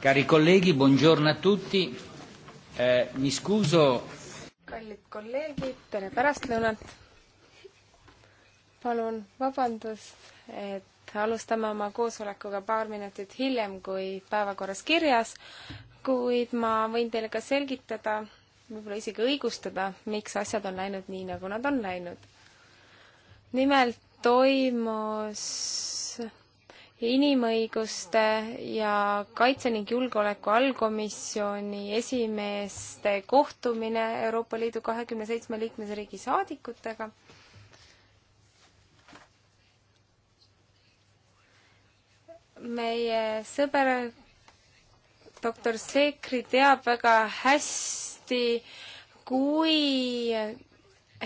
Cari colleghi, buongiorno a tutti. Eh, mi scuso. kallid kolleegid, tere pärastlõunat. palun vabandust, et alustame oma koosolekuga paar minutit hiljem kui päevakorras kirjas, kuid ma võin teile ka selgitada, võib-olla isegi õigustada, miks asjad on läinud nii, nagu nad on läinud. nimelt toimus inimõiguste ja kaitse ning julgeoleku allkomisjoni esimeeste kohtumine Euroopa Liidu kahekümne seitsme liikmesriigi saadikutega. meie sõber doktor Seekri teab väga hästi, kui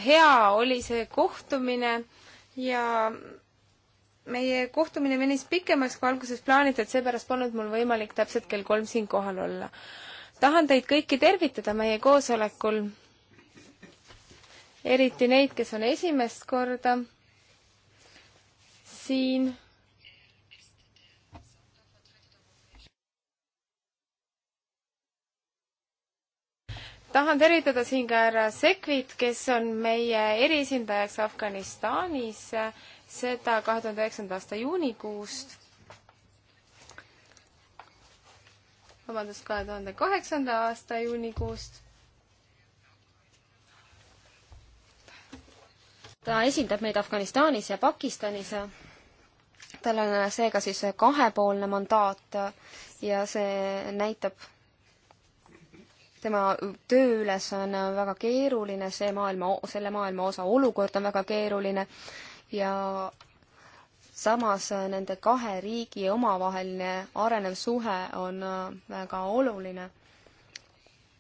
hea oli see kohtumine ja meie kohtumine venis pikemaks kui alguses plaanitud, seepärast polnud mul võimalik täpselt kell kolm siin kohal olla. tahan teid kõiki tervitada meie koosolekul, eriti neid, kes on esimest korda siin. tahan tervitada siin ka härra Sekvit, kes on meie eriesindajaks Afganistanis seda kahe tuhande üheksanda aasta juunikuust. vabandust, kahe tuhande kaheksanda aasta juunikuust. ta esindab meid Afganistanis ja Pakistanis. tal on seega siis kahepoolne mandaat ja see näitab tema tööülesanne on väga keeruline, see maailma, selle maailma osa olukord on väga keeruline ja samas nende kahe riigi omavaheline arenev suhe on äh, väga oluline.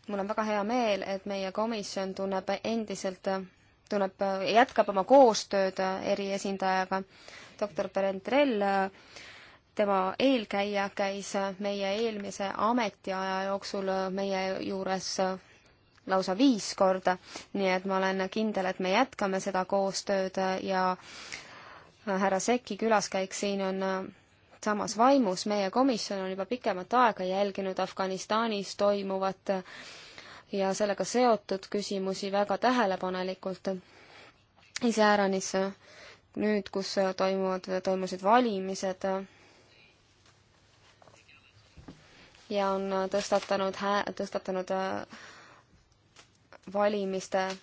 mul on väga hea meel, et meie komisjon tunneb endiselt, tunneb, äh, jätkab oma koostööd äh, eriesindajaga, doktor Berend Rell, tema eelkäija käis meie eelmise ametiaja jooksul meie juures lausa viis korda, nii et ma olen kindel, et me jätkame seda koostööd ja äh, härra Sekki külaskäik siin on äh, samas vaimus, meie komisjon on juba pikemat aega jälginud Afganistanis toimuvat äh, ja sellega seotud küsimusi väga tähelepanelikult. iseäranis nüüd, kus toimuvad, toimusid valimised ja on tõstatanud hää-, tõstatanud valimiste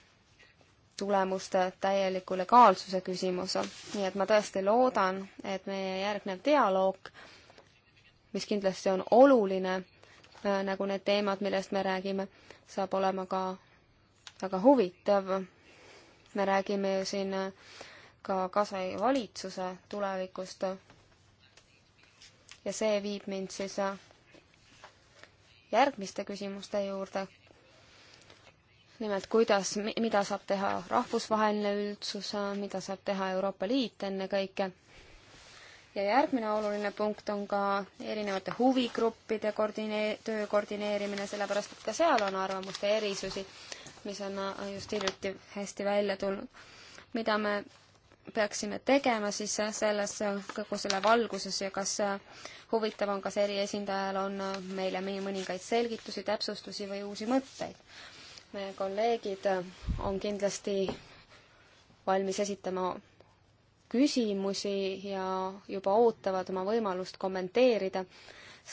tulemuste täieliku legaalsuse küsimus. nii et ma tõesti loodan, et meie järgnev dialoog, mis kindlasti on oluline, äh, nagu need teemad, millest me räägime, saab olema ka väga huvitav. me räägime ju siin äh, ka Kasai valitsuse tulevikust. ja see viib mind siis äh, järgmiste küsimuste juurde nimelt kuidas, mida saab teha rahvusvaheline üldsus, mida saab teha Euroopa Liit ennekõike. ja järgmine oluline punkt on ka erinevate huvigruppide koordinee-, töö koordineerimine, sellepärast et ka seal on arvamuste erisusi, mis on äh, just hiljuti hästi välja tulnud. mida me peaksime tegema siis äh, selles, äh, kogu selle valguses ja kas huvitav on, kas eriesindajal on meile mõningaid selgitusi, täpsustusi või uusi mõtteid meie kolleegid on kindlasti valmis esitama küsimusi ja juba ootavad oma võimalust kommenteerida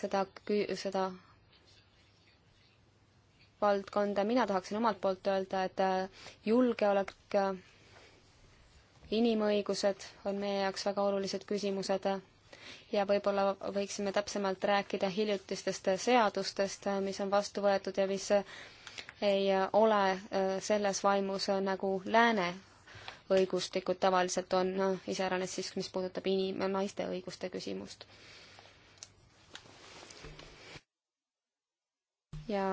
seda, seda valdkonda, mina tahaksin omalt poolt öelda, et julgeolek, inimõigused on meie jaoks väga olulised küsimused ja võib-olla võiksime täpsemalt rääkida hiljutistest seadustest, mis on vastu võetud ja mis ei ole äh, selles vaimus äh, nagu lääne õigustikud tavaliselt on, noh, iseäranis siis, mis puudutab inim-, naiste õiguste küsimust. ja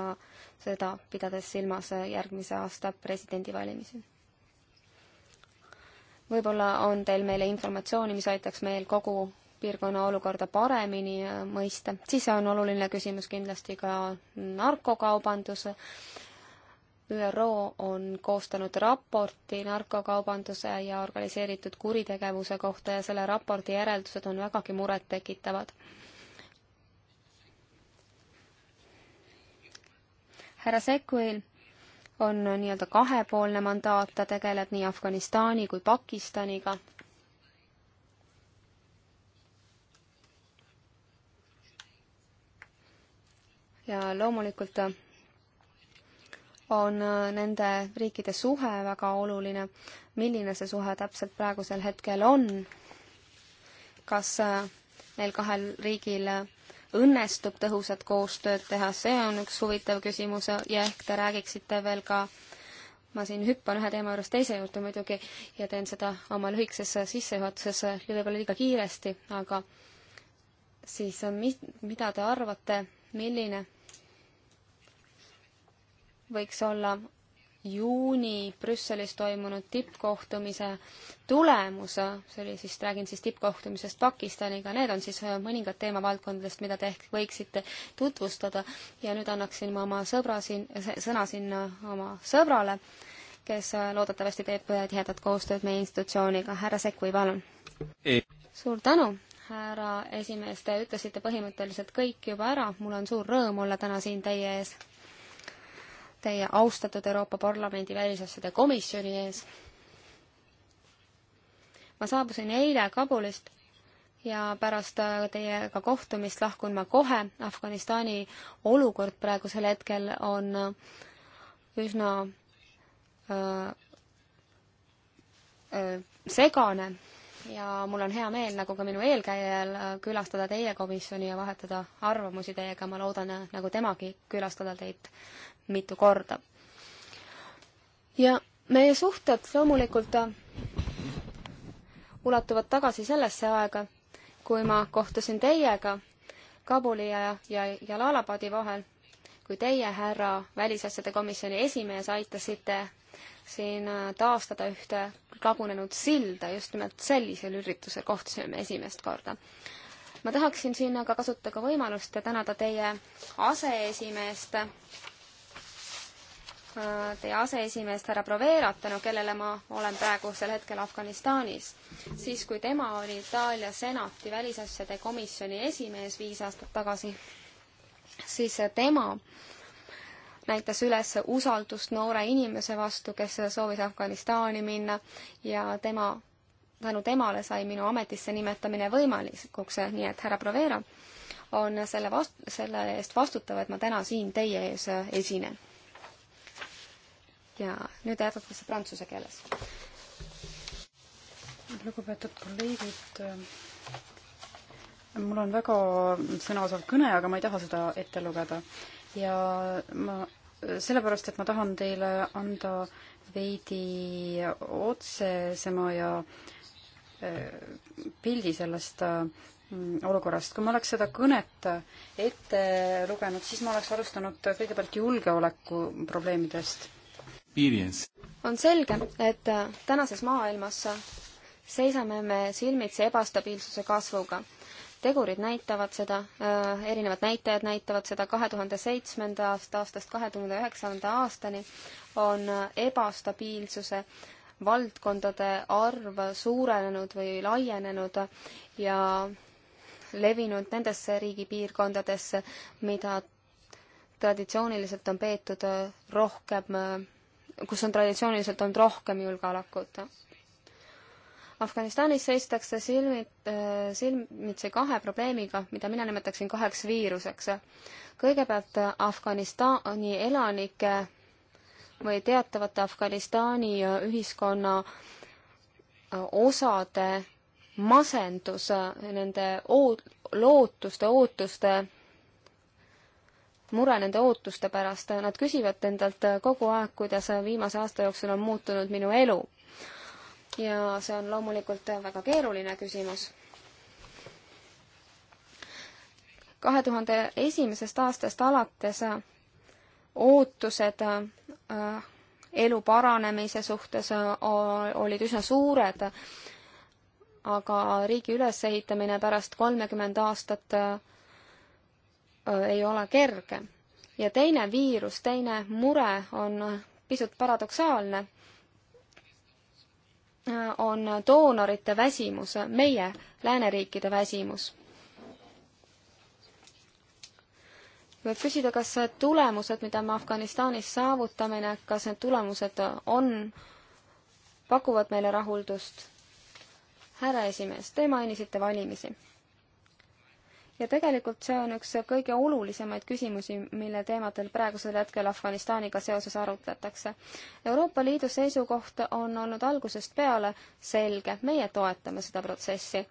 seda pidades silmas äh, järgmise aasta presidendivalimisi. võib-olla on teil meile informatsiooni, mis aitaks meil kogu piirkonna olukorda paremini mõista, siis on oluline küsimus kindlasti ka narkokaubandus, ÜRO on koostanud raporti narkokaubanduse ja organiseeritud kuritegevuse kohta ja selle raporti järeldused on vägagi murettekitavad. härra Sekuil on nii-öelda kahepoolne mandaat, ta tegeleb nii Afganistani kui Pakistaniga. ja loomulikult on äh, nende riikide suhe väga oluline, milline see suhe täpselt praegusel hetkel on, kas äh, neil kahel riigil äh, õnnestub tõhusat koostööd teha, see on üks huvitav küsimus ja ehk te räägiksite veel ka, ma siin hüppan ühe teema juurest teise juurde muidugi ja teen seda oma lühikeses sissejuhatuses võib-olla liiga kiiresti, aga siis mi-, mida te arvate, milline võiks olla juuni Brüsselis toimunud tippkohtumise tulemus, see oli siis, räägin siis tippkohtumisest Pakistaniga, need on siis mõningad teemavaldkondadest, mida te ehk võiksite tutvustada ja nüüd annaksin ma oma sõbra siin, sõna sinna oma sõbrale, kes loodetavasti teeb tihedat koostööd meie institutsiooniga, härra Sekui, palun. suur tänu, härra esimees, te ütlesite põhimõtteliselt kõik juba ära, mul on suur rõõm olla täna siin teie ees teie austatud Euroopa Parlamendi välisasjade komisjoni ees. ma saabusin eile Kabulist ja pärast äh, teiega kohtumist lahkun ma kohe. Afganistani olukord praegusel hetkel on äh, üsna öö, äh, öö, segane ja mul on hea meel, nagu ka minu eelkäijal, äh, külastada teie komisjoni ja vahetada arvamusi teiega, ma loodan, äh, nagu temagi, külastada teid mitu korda. ja meie suhted loomulikult äh, ulatuvad tagasi sellesse aega, kui ma kohtusin teiega Kabuli ja, ja Jalalabadi vahel, kui teie, härra välisasjade komisjoni esimees, aitasite siin äh, taastada ühte lagunenud silda, just nimelt sellisel üritusel kohtusime esimest korda. ma tahaksin siin aga kasutada ka võimalust ja tänada teie aseesimeest, äh, teie aseesimeest härra Proverat, tänu kellele ma olen praegusel hetkel Afganistanis. siis, kui tema oli Itaalia senati välisasjade komisjoni esimees viis aastat tagasi, siis äh, tema äh, näitas üles usaldust noore inimese vastu, kes soovis Afganistani minna ja tema, tänu temale sai minu ametisse nimetamine võimalikuks, nii et härra Provera on selle vast-, selle eest vastutav, et ma täna siin teie ees esinen. ja nüüd jätkatakse prantsuse keeles. lugupeetud kolleegid, mul on väga sõnaosav kõne, aga ma ei taha seda ette lugeda ja ma, sellepärast, et ma tahan teile anda veidi otsesema ja äh, pildi sellest mm, olukorrast. kui ma oleks seda kõnet ette lugenud, siis ma oleks alustanud kõigepealt julgeoleku probleemidest. on selge, et tänases maailmas seisame me silmitsi ebastabiilsuse kasvuga tegurid näitavad seda, äh, erinevad näitajad näitavad seda, kahe tuhande seitsmenda aasta aastast kahe tuhande üheksanda aastani on äh, ebastabiilsuse valdkondade arv suurenenud või laienenud ja levinud nendesse riigipiirkondadesse, mida traditsiooniliselt on peetud äh, rohkem, kus on traditsiooniliselt olnud rohkem julgeolekut Afganistanis seistakse silmit, äh, silmitsi kahe probleemiga, mida mina nimetaksin kaheks viiruseks. kõigepealt Afganistani elanike või teatavate Afganistani äh, ühiskonna äh, osade masendus, nende oot-, lootuste, ootuste, mure nende ootuste pärast, nad küsivad endalt kogu aeg, kuidas viimase aasta jooksul on muutunud minu elu ja see on loomulikult väga keeruline küsimus. kahe tuhande esimesest aastast alates ootused äh, elu paranemise suhtes äh, olid üsna suured, aga riigi ülesehitamine pärast kolmekümmend aastat äh, ei ole kerge. ja teine viirus, teine mure on pisut paradoksaalne on doonorite väsimus, meie, lääneriikide väsimus. võib küsida, kas tulemused, mida me Afganistanis saavutame, kas need tulemused on, pakuvad meile rahuldust? härra esimees, te mainisite valimisi ja tegelikult see on üks kõige olulisemaid küsimusi, mille teemadel praegusel hetkel Afganistaniga seoses arutletakse. Euroopa Liidu seisukoht on olnud algusest peale selge, meie toetame seda protsessi.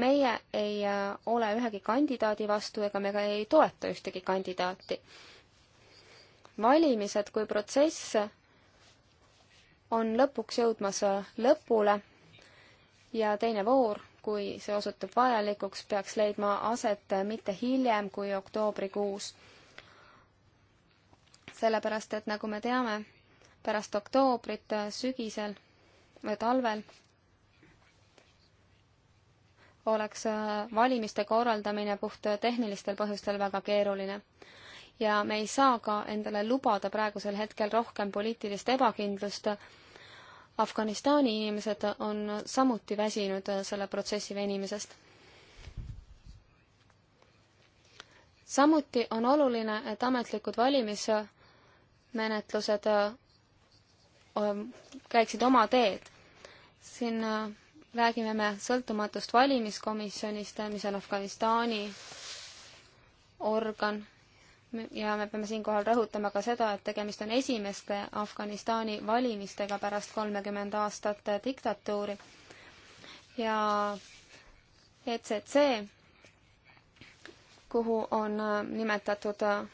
meie ei äh, ole ühegi kandidaadi vastu ega me ka ei toeta ühtegi kandidaati. valimised kui protsess on lõpuks jõudmas äh, lõpule ja teine voor kui see osutub vajalikuks, peaks leidma aset mitte hiljem kui oktoobrikuus. sellepärast, et nagu me teame, pärast oktoobrit sügisel või talvel oleks äh, valimiste korraldamine puht tehnilistel põhjustel väga keeruline. ja me ei saa ka endale lubada praegusel hetkel rohkem poliitilist ebakindlust Afganistani inimesed on samuti väsinud äh, selle protsessi venimisest. samuti on oluline, et ametlikud valimismenetlused äh, käiksid oma teed. siin äh, räägime me sõltumatust valimiskomisjonist, mis on Afganistani organ ja me peame siinkohal rõhutama ka seda, et tegemist on esimeste Afganistani valimistega pärast kolmekümmend aastat diktatuuri. ja ECC, kuhu on äh, nimetatud äh,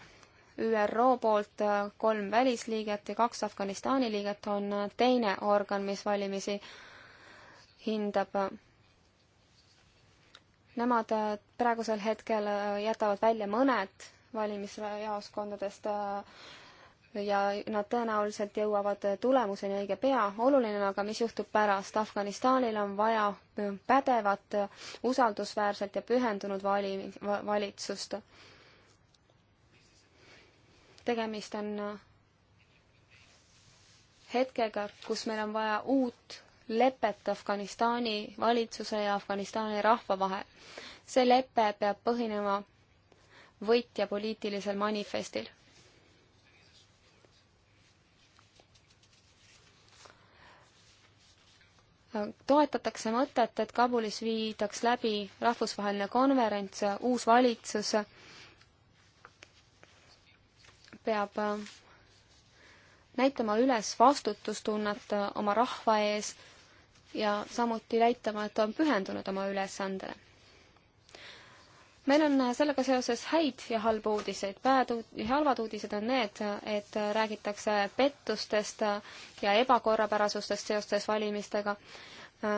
ÜRO poolt äh, kolm välisliiget ja kaks Afganistani liiget, on teine organ, mis valimisi hindab nemad praegusel hetkel jätavad välja mõned valimisjaoskondadest äh, ja nad tõenäoliselt jõuavad tulemuseni õige pea. oluline on aga, mis juhtub pärast. Afganistanil on vaja pädevat, usaldusväärset ja pühendunud vali-, valitsust. tegemist on äh, hetkega, kus meil on vaja uut lepet Afganistani valitsuse ja Afganistani rahva vahel. see lepe peab põhinema võitja poliitilisel manifestil. toetatakse mõtet, et Kabulis viidaks läbi rahvusvaheline konverents, uus valitsus peab näitama üles vastutustunnet oma rahva ees ja samuti näitama, et on pühendunud oma ülesandele meil on äh, sellega seoses häid ja halbu uudiseid. päevad ja halvad uudised on need, et äh, räägitakse pettustest äh, ja ebakorrapärasustest seostes valimistega.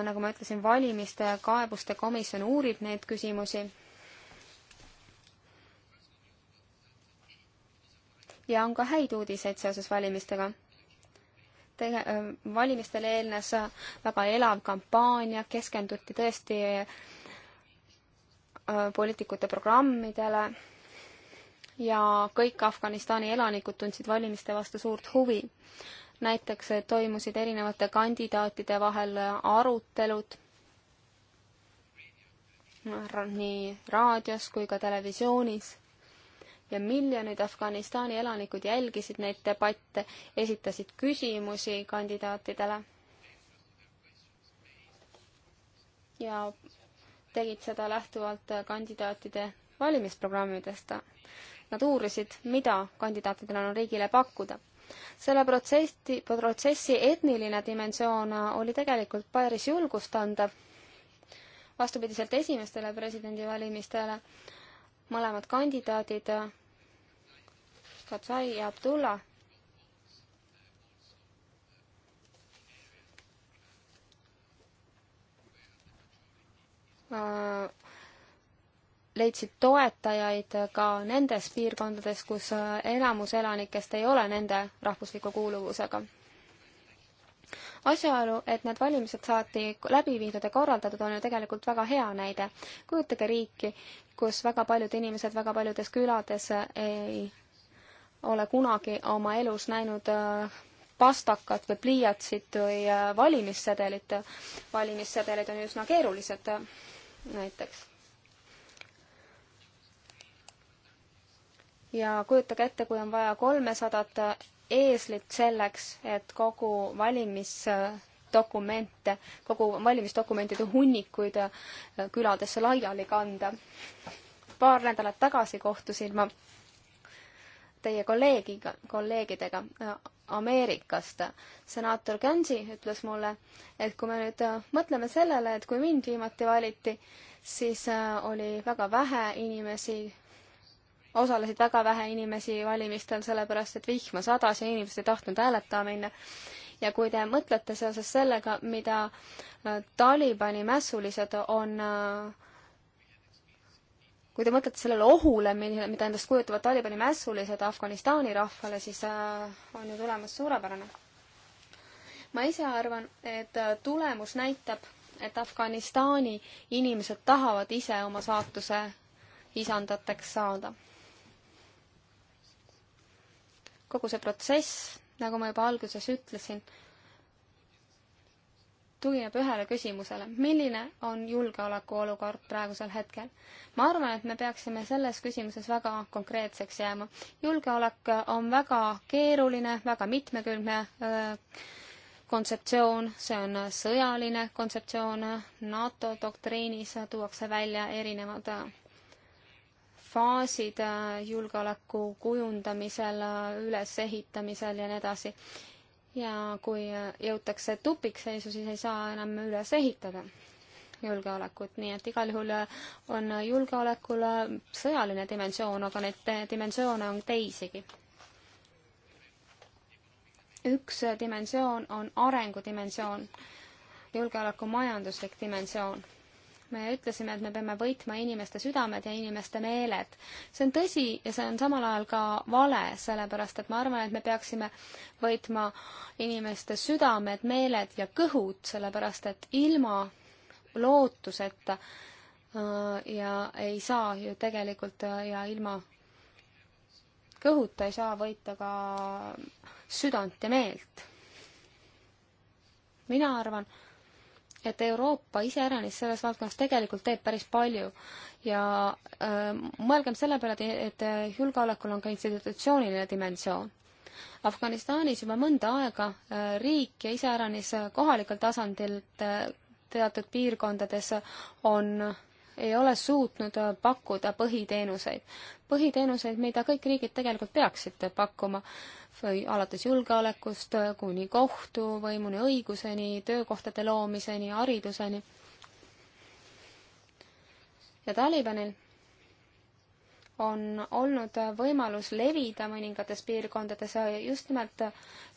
nagu ma ütlesin, valimiste ja kaebuste komisjon uurib neid küsimusi. ja on ka häid uudiseid seoses valimistega tege-, valimistele eelnes väga elav kampaania, keskenduti tõesti Äh, poliitikute programmidele ja kõik Afganistani elanikud tundsid valimiste vastu suurt huvi. näiteks äh, toimusid erinevate kandidaatide vahel äh, arutelud nii raadios kui ka televisioonis ja miljonid Afganistani elanikud jälgisid neid debatte, esitasid küsimusi kandidaatidele. ja tegid seda lähtuvalt kandidaatide valimisprogrammidest. Nad uurisid, mida kandidaatidel on riigile pakkuda. selle protsessi, protsessi etniline dimensioon oli tegelikult päris julgustandav, vastupidiselt esimestele presidendivalimistele, mõlemad kandidaadid, Katsai ja Abdullah, Äh, leidsid toetajaid ka nendes piirkondades, kus äh, enamus elanikest ei ole nende rahvusliku kuuluvusega. asjaolu, et need valimised saati läbi viidud ja korraldatud, on ju tegelikult väga hea näide. kujutage riiki, kus väga paljud inimesed väga paljudes külades ei ole kunagi oma elus näinud äh, pastakat või pliiatsit või valimissedelit. valimissedelid on üsna keerulised näiteks. ja kujutage ette, kui on vaja kolmesadat eeslit selleks, et kogu valimisdokumente, kogu valimisdokumentide hunnikuid küladesse laiali kanda. paar nädalat tagasi kohtusin ma teie kolleegiga, kolleegidega äh, Ameerikast. senaator Gansi ütles mulle, et kui me nüüd äh, mõtleme sellele, et kui mind viimati valiti, siis äh, oli väga vähe inimesi, osalesid väga vähe inimesi valimistel, sellepärast et vihma sadas ja inimesed ei tahtnud hääletama minna ja kui te mõtlete seoses sellega, mida Talibani mässulised on äh, kui te mõtlete sellele ohule, mille, mida endast kujutavad Talibani mässulised Afganistani rahvale, siis äh, on ju tulemus suurepärane. ma ise arvan, et äh, tulemus näitab, et Afganistani inimesed tahavad ise oma saatuse isandateks saada. kogu see protsess, nagu ma juba alguses ütlesin, tugineb ühele küsimusele, milline on julgeolekuolukord praegusel hetkel. ma arvan, et me peaksime selles küsimuses väga konkreetseks jääma. julgeolek on väga keeruline, väga mitmekülgne äh, kontseptsioon, see on sõjaline kontseptsioon, NATO doktriinis tuuakse välja erinevad äh, faasid äh, julgeoleku kujundamisel, ülesehitamisel ja nii edasi ja kui jõutakse tupikseisu, siis ei saa enam üles ehitada julgeolekut, nii et igal juhul on julgeolekul sõjaline dimensioon, aga neid dimensioone on teisigi. üks dimensioon on arengudimensioon, julgeoleku majanduslik dimensioon me ütlesime, et me peame võitma inimeste südamed ja inimeste meeled. see on tõsi ja see on samal ajal ka vale, sellepärast et ma arvan, et me peaksime võitma inimeste südamed, meeled ja kõhud, sellepärast et ilma lootuseta äh, ja ei saa ju tegelikult äh, ja ilma kõhuta ei saa võita ka südant ja meelt. mina arvan, et Euroopa iseäranis selles valdkonnas tegelikult teeb päris palju ja äh, mõelgem selle peale, et julgeolekul on ka institutsiooniline dimensioon. Afganistanis juba mõnda aega äh, riik ja iseäranis äh, kohalikul tasandil äh, teatud piirkondades on äh, ei ole suutnud äh, pakkuda põhiteenuseid. põhiteenuseid, mida kõik riigid tegelikult peaksid pakkuma või alates julgeolekust kuni kohtuvõimuni, õiguseni, töökohtade loomiseni, hariduseni. ja Talibanil on olnud võimalus levida mõningates piirkondades just nimelt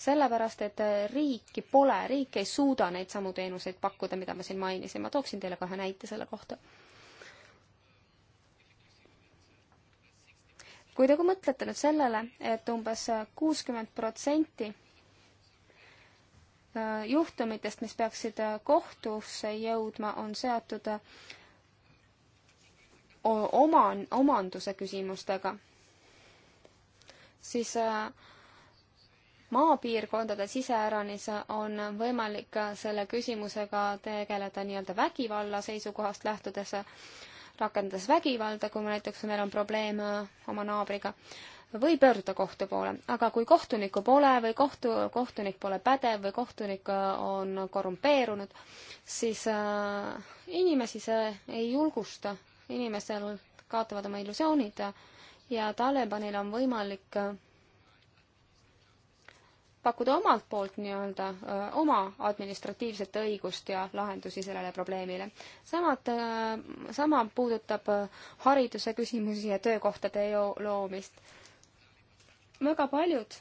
sellepärast, et riiki pole, riik ei suuda neid samu teenuseid pakkuda, mida ma siin mainisin. ma tooksin teile kohe näite selle kohta kui te mõtlete nüüd sellele, et umbes kuuskümmend protsenti äh, juhtumitest, mis peaksid äh, kohtusse jõudma, on seotud äh, oma, omanduse küsimustega, siis maapiirkondade siseäranis on võimalik selle küsimusega tegeleda nii-öelda vägivalla seisukohast lähtudes rakendades vägivalda, kui me näiteks, meil on probleem oma naabriga, või pöörduda kohtu poole. aga kui kohtunikku pole või kohtu, kohtunik pole pädev või kohtunik äh, on korrumpeerunud, siis äh, inimesi see ei julgusta, inimesel kaotavad oma illusioonid ja Talibanil on võimalik äh, pakkuda omalt poolt nii-öelda oma administratiivset õigust ja lahendusi sellele probleemile. samad, sama puudutab hariduse küsimusi ja töökohtade loomist. väga paljud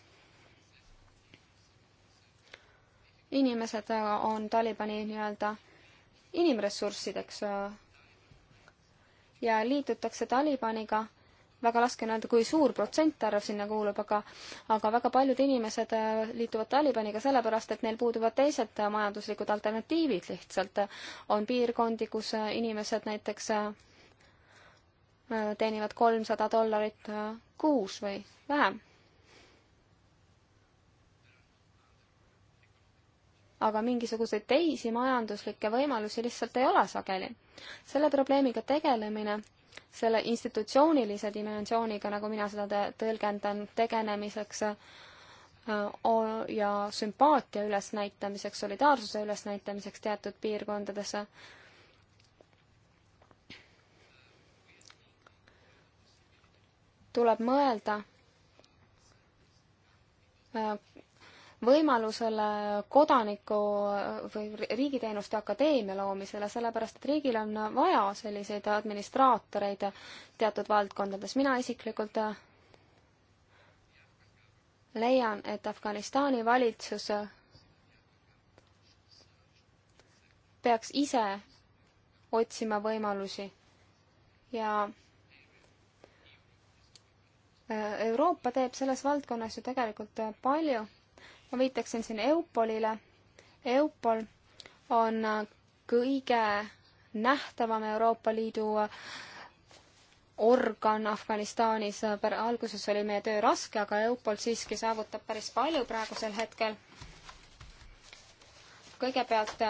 inimesed on Talibani nii-öelda inimressurssideks ja liitutakse Talibaniga väga raske on öelda, kui suur protsentarv sinna kuulub, aga aga väga paljud inimesed äh, liituvad Talibaniga sellepärast, et neil puuduvad teised majanduslikud alternatiivid lihtsalt. on piirkondi, kus äh, inimesed näiteks äh, teenivad kolmsada dollarit kuus või vähem. aga mingisuguseid teisi majanduslikke võimalusi lihtsalt ei ole sageli. selle probleemiga tegelemine selle institutsioonilise dimensiooniga, nagu mina seda tõlgendan, tegenemiseks ja sümpaatia ülesnäitamiseks, solidaarsuse ülesnäitamiseks teatud piirkondades. tuleb mõelda, võimalusele kodaniku või Riigiteenuste Akadeemia loomisele, sellepärast et riigil on vaja selliseid administraatoreid teatud valdkondades. mina isiklikult leian, et Afganistani valitsus peaks ise otsima võimalusi ja äh, Euroopa teeb selles valdkonnas ju tegelikult palju ma viitaksin siin Eupolile. Eupol on äh, kõige nähtavam Euroopa Liidu äh, organ Afganistanis. Äh, alguses oli meie töö raske, aga Eupol siiski saavutab päris palju praegusel hetkel. kõigepealt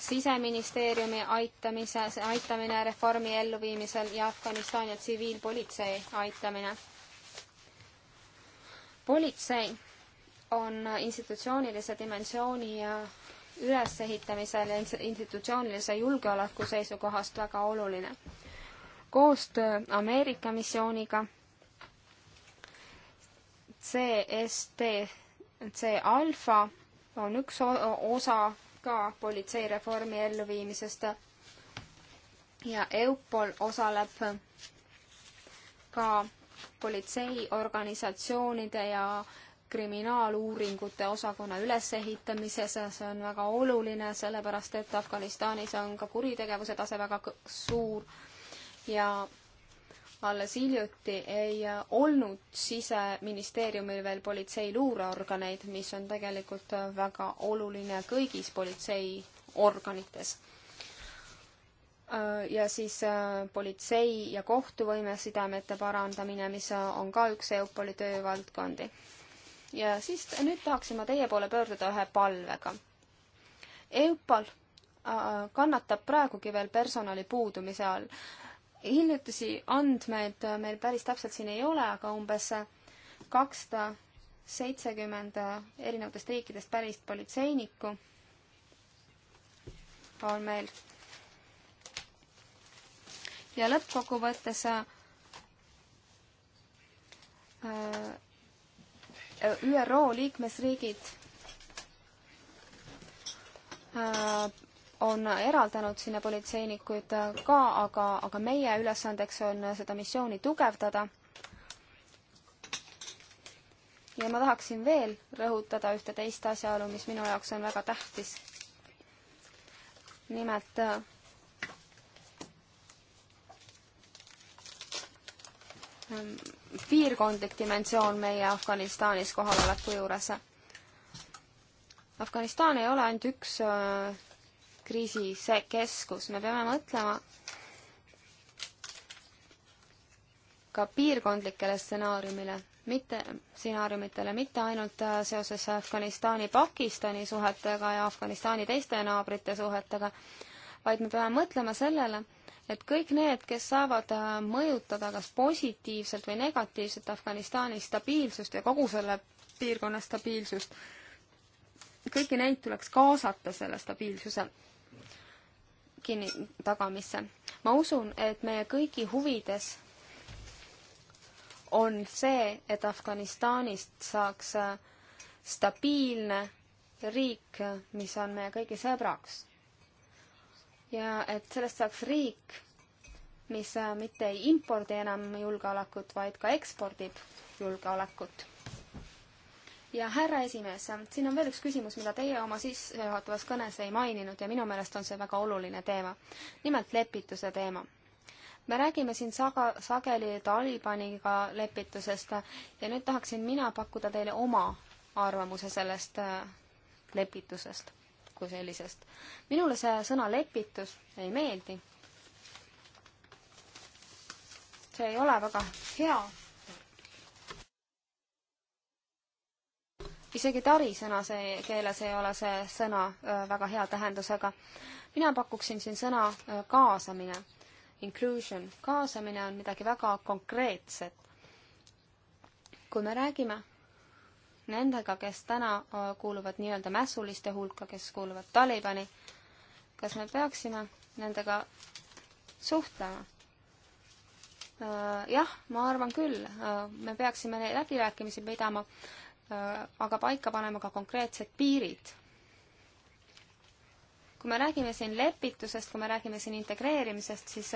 siseministeeriumi aitamise, aitamine reformi elluviimisel ja Afganistani tsiviilpolitsei aitamine. politsei on institutsioonilise dimensiooni ülesehitamisel ja institutsioonilise julgeoleku seisukohast väga oluline. koostöö Ameerika missiooniga CSTC alfa on üks osa ka politseireformi elluviimisest ja EUPOL osaleb ka politseiorganisatsioonide ja äh, kriminaaluuringute osakonna ülesehitamises, see on väga oluline, sellepärast et Afganistanis on ka kuritegevuse tase väga suur ja alles hiljuti ei olnud siseministeeriumil veel politsei luureorganeid, mis on tegelikult väga oluline kõigis politseiorganites. ja siis äh, politsei ja kohtuvõime sidemete parandamine, mis on ka üks EUPOL-i töövaldkondi ja siis nüüd tahaksin ma teie poole pöörduda ühe palvega. EUPAL äh, kannatab praegugi veel personali puudumise all. hiljutisi andmeid meil päris täpselt siin ei ole, aga umbes kakssada seitsekümmend erinevatest riikidest pärist politseinikku on meil. ja lõppkokkuvõttes äh, ÜRO liikmesriigid äh, on eraldanud sinna politseinikuid äh, ka, aga, aga meie ülesandeks on äh, seda missiooni tugevdada. ja ma tahaksin veel rõhutada ühte teist asjaolu, mis minu jaoks on väga tähtis. nimelt ähm, piirkondlik dimensioon meie Afganistanis kohaloleku juures. Afganistan ei ole ainult üks äh, kriisikeskus, me peame mõtlema ka piirkondlikele stsenaariumile, mitte, stsenaariumitele, mitte ainult äh, seoses Afganistani-Pakistani suhetega ja Afganistani teiste naabrite suhetega, vaid me peame mõtlema sellele, et kõik need, kes saavad äh, mõjutada kas positiivselt või negatiivselt Afganistani stabiilsust ja kogu selle piirkonna stabiilsust, kõiki neid tuleks kaasata selle stabiilsuse kinni, tagamisse. ma usun, et meie kõigi huvides on see, et Afganistanist saaks äh, stabiilne riik, mis on meie kõigi sõbraks ja et sellest saaks riik, mis äh, mitte ei impordi enam julgeolekut, vaid ka ekspordib julgeolekut. ja härra esimees, siin on veel üks küsimus, mida teie oma sissejuhatavas kõnes ei maininud ja minu meelest on see väga oluline teema. nimelt lepituse teema. me räägime siin saga, sageli Talibaniga lepitusest ja nüüd tahaksin mina pakkuda teile oma arvamuse sellest äh, lepitusest kui sellisest. minule see sõna lepitus ei meeldi. see ei ole väga hea. isegi tarisõna see, keeles ei ole see sõna äh, väga hea tähendusega. mina pakuksin siin sõna äh, kaasamine, inclusion. kaasamine on midagi väga konkreetset. kui me räägime nendega, kes täna äh, kuuluvad nii-öelda mässuliste hulka, kes kuuluvad Talibani, kas me peaksime nendega suhtlema? Äh, jah, ma arvan küll, äh, me peaksime neid läbirääkimisi pidama, aga paika panema ka konkreetsed piirid. kui me räägime siin lepitusest, kui me räägime siin integreerimisest, siis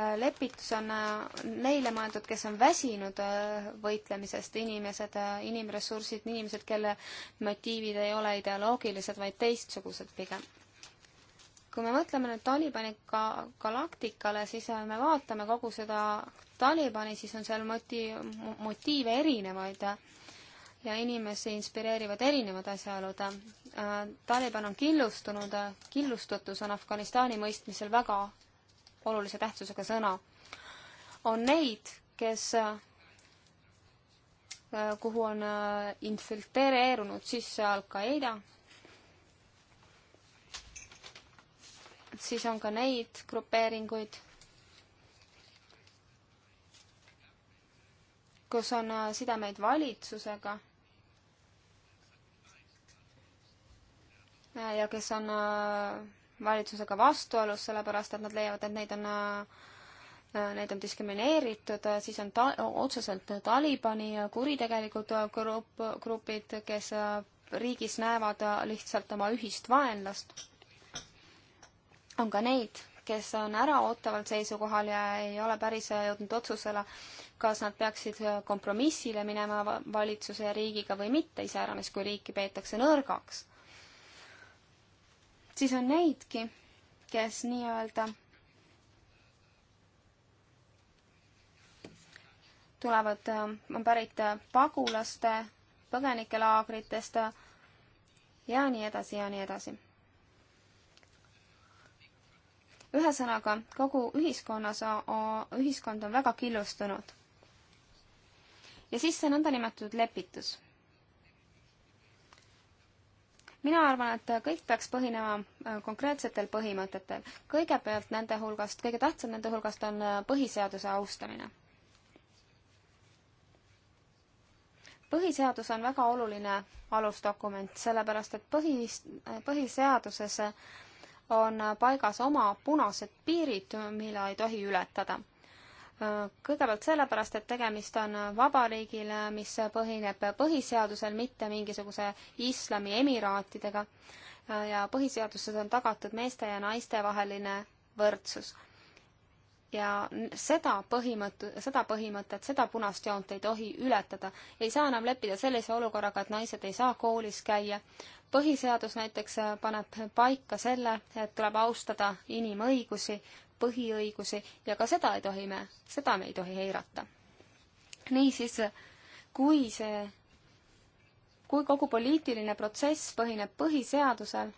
Äh, lepitus on äh, neile mõeldud, kes on väsinud äh, võitlemisest, inimesed, inimressursid, inimesed, kelle motiivid ei ole ideoloogilised, vaid teistsugused pigem. kui me mõtleme nüüd Talibani ka-, galaktikale, siis me vaatame kogu seda Talibani, siis on seal moti-, motiive erinevaid ja inimesi inspireerivad erinevad asjaolud. Taliban on killustunud, killustatus on Afganistani mõistmisel väga olulise tähtsusega sõna, on neid, kes, äh, kuhu on äh, infiltreerunud sisse Al-Qaeda, siis on ka neid grupeeringuid, kus on äh, sidemeid valitsusega ja kes on valitsusega vastuolus, sellepärast et nad leiavad, et neid on, äh, neid on diskrimineeritud, äh, siis on ta-, otseselt Talibani kuritegelikud grupp, grupid, kes äh, riigis näevad lihtsalt oma ühist vaenlast. on ka neid, kes on äraootaval seisukohal ja ei ole päris jõudnud otsusele, kas nad peaksid kompromissile minema valitsuse ja riigiga või mitte, iseäranis kui riiki peetakse nõrgaks siis on neidki, kes nii-öelda tulevad, äh, on pärit äh, pagulaste, põgenikelaagritest äh, ja nii edasi ja nii edasi. ühesõnaga, kogu ühiskonnas, ühiskond on väga killustunud. ja siis see nõndanimetatud lepitus mina arvan, et kõik peaks põhinema äh, konkreetsetel põhimõtetel. kõigepealt nende hulgast, kõige tähtsam nende hulgast on äh, põhiseaduse austamine. põhiseadus on väga oluline alusdokument, sellepärast et põhi, põhiseaduses on paigas oma punased piirid, mida ei tohi ületada kõigepealt sellepärast, et tegemist on vabariigile, mis põhineb põhiseadusel, mitte mingisuguse islami emiraatidega. ja põhiseaduses on tagatud meeste ja naiste vaheline võrdsus. ja seda põhimõtt-, seda põhimõtet, seda punast joont ei tohi ületada. ei saa enam leppida sellise olukorraga, et naised ei saa koolis käia. põhiseadus näiteks paneb paika selle, et tuleb austada inimõigusi, põhiõigusi ja ka seda ei tohi me, seda me ei tohi eirata. niisiis, kui see, kui kogu poliitiline protsess põhineb põhiseadusel,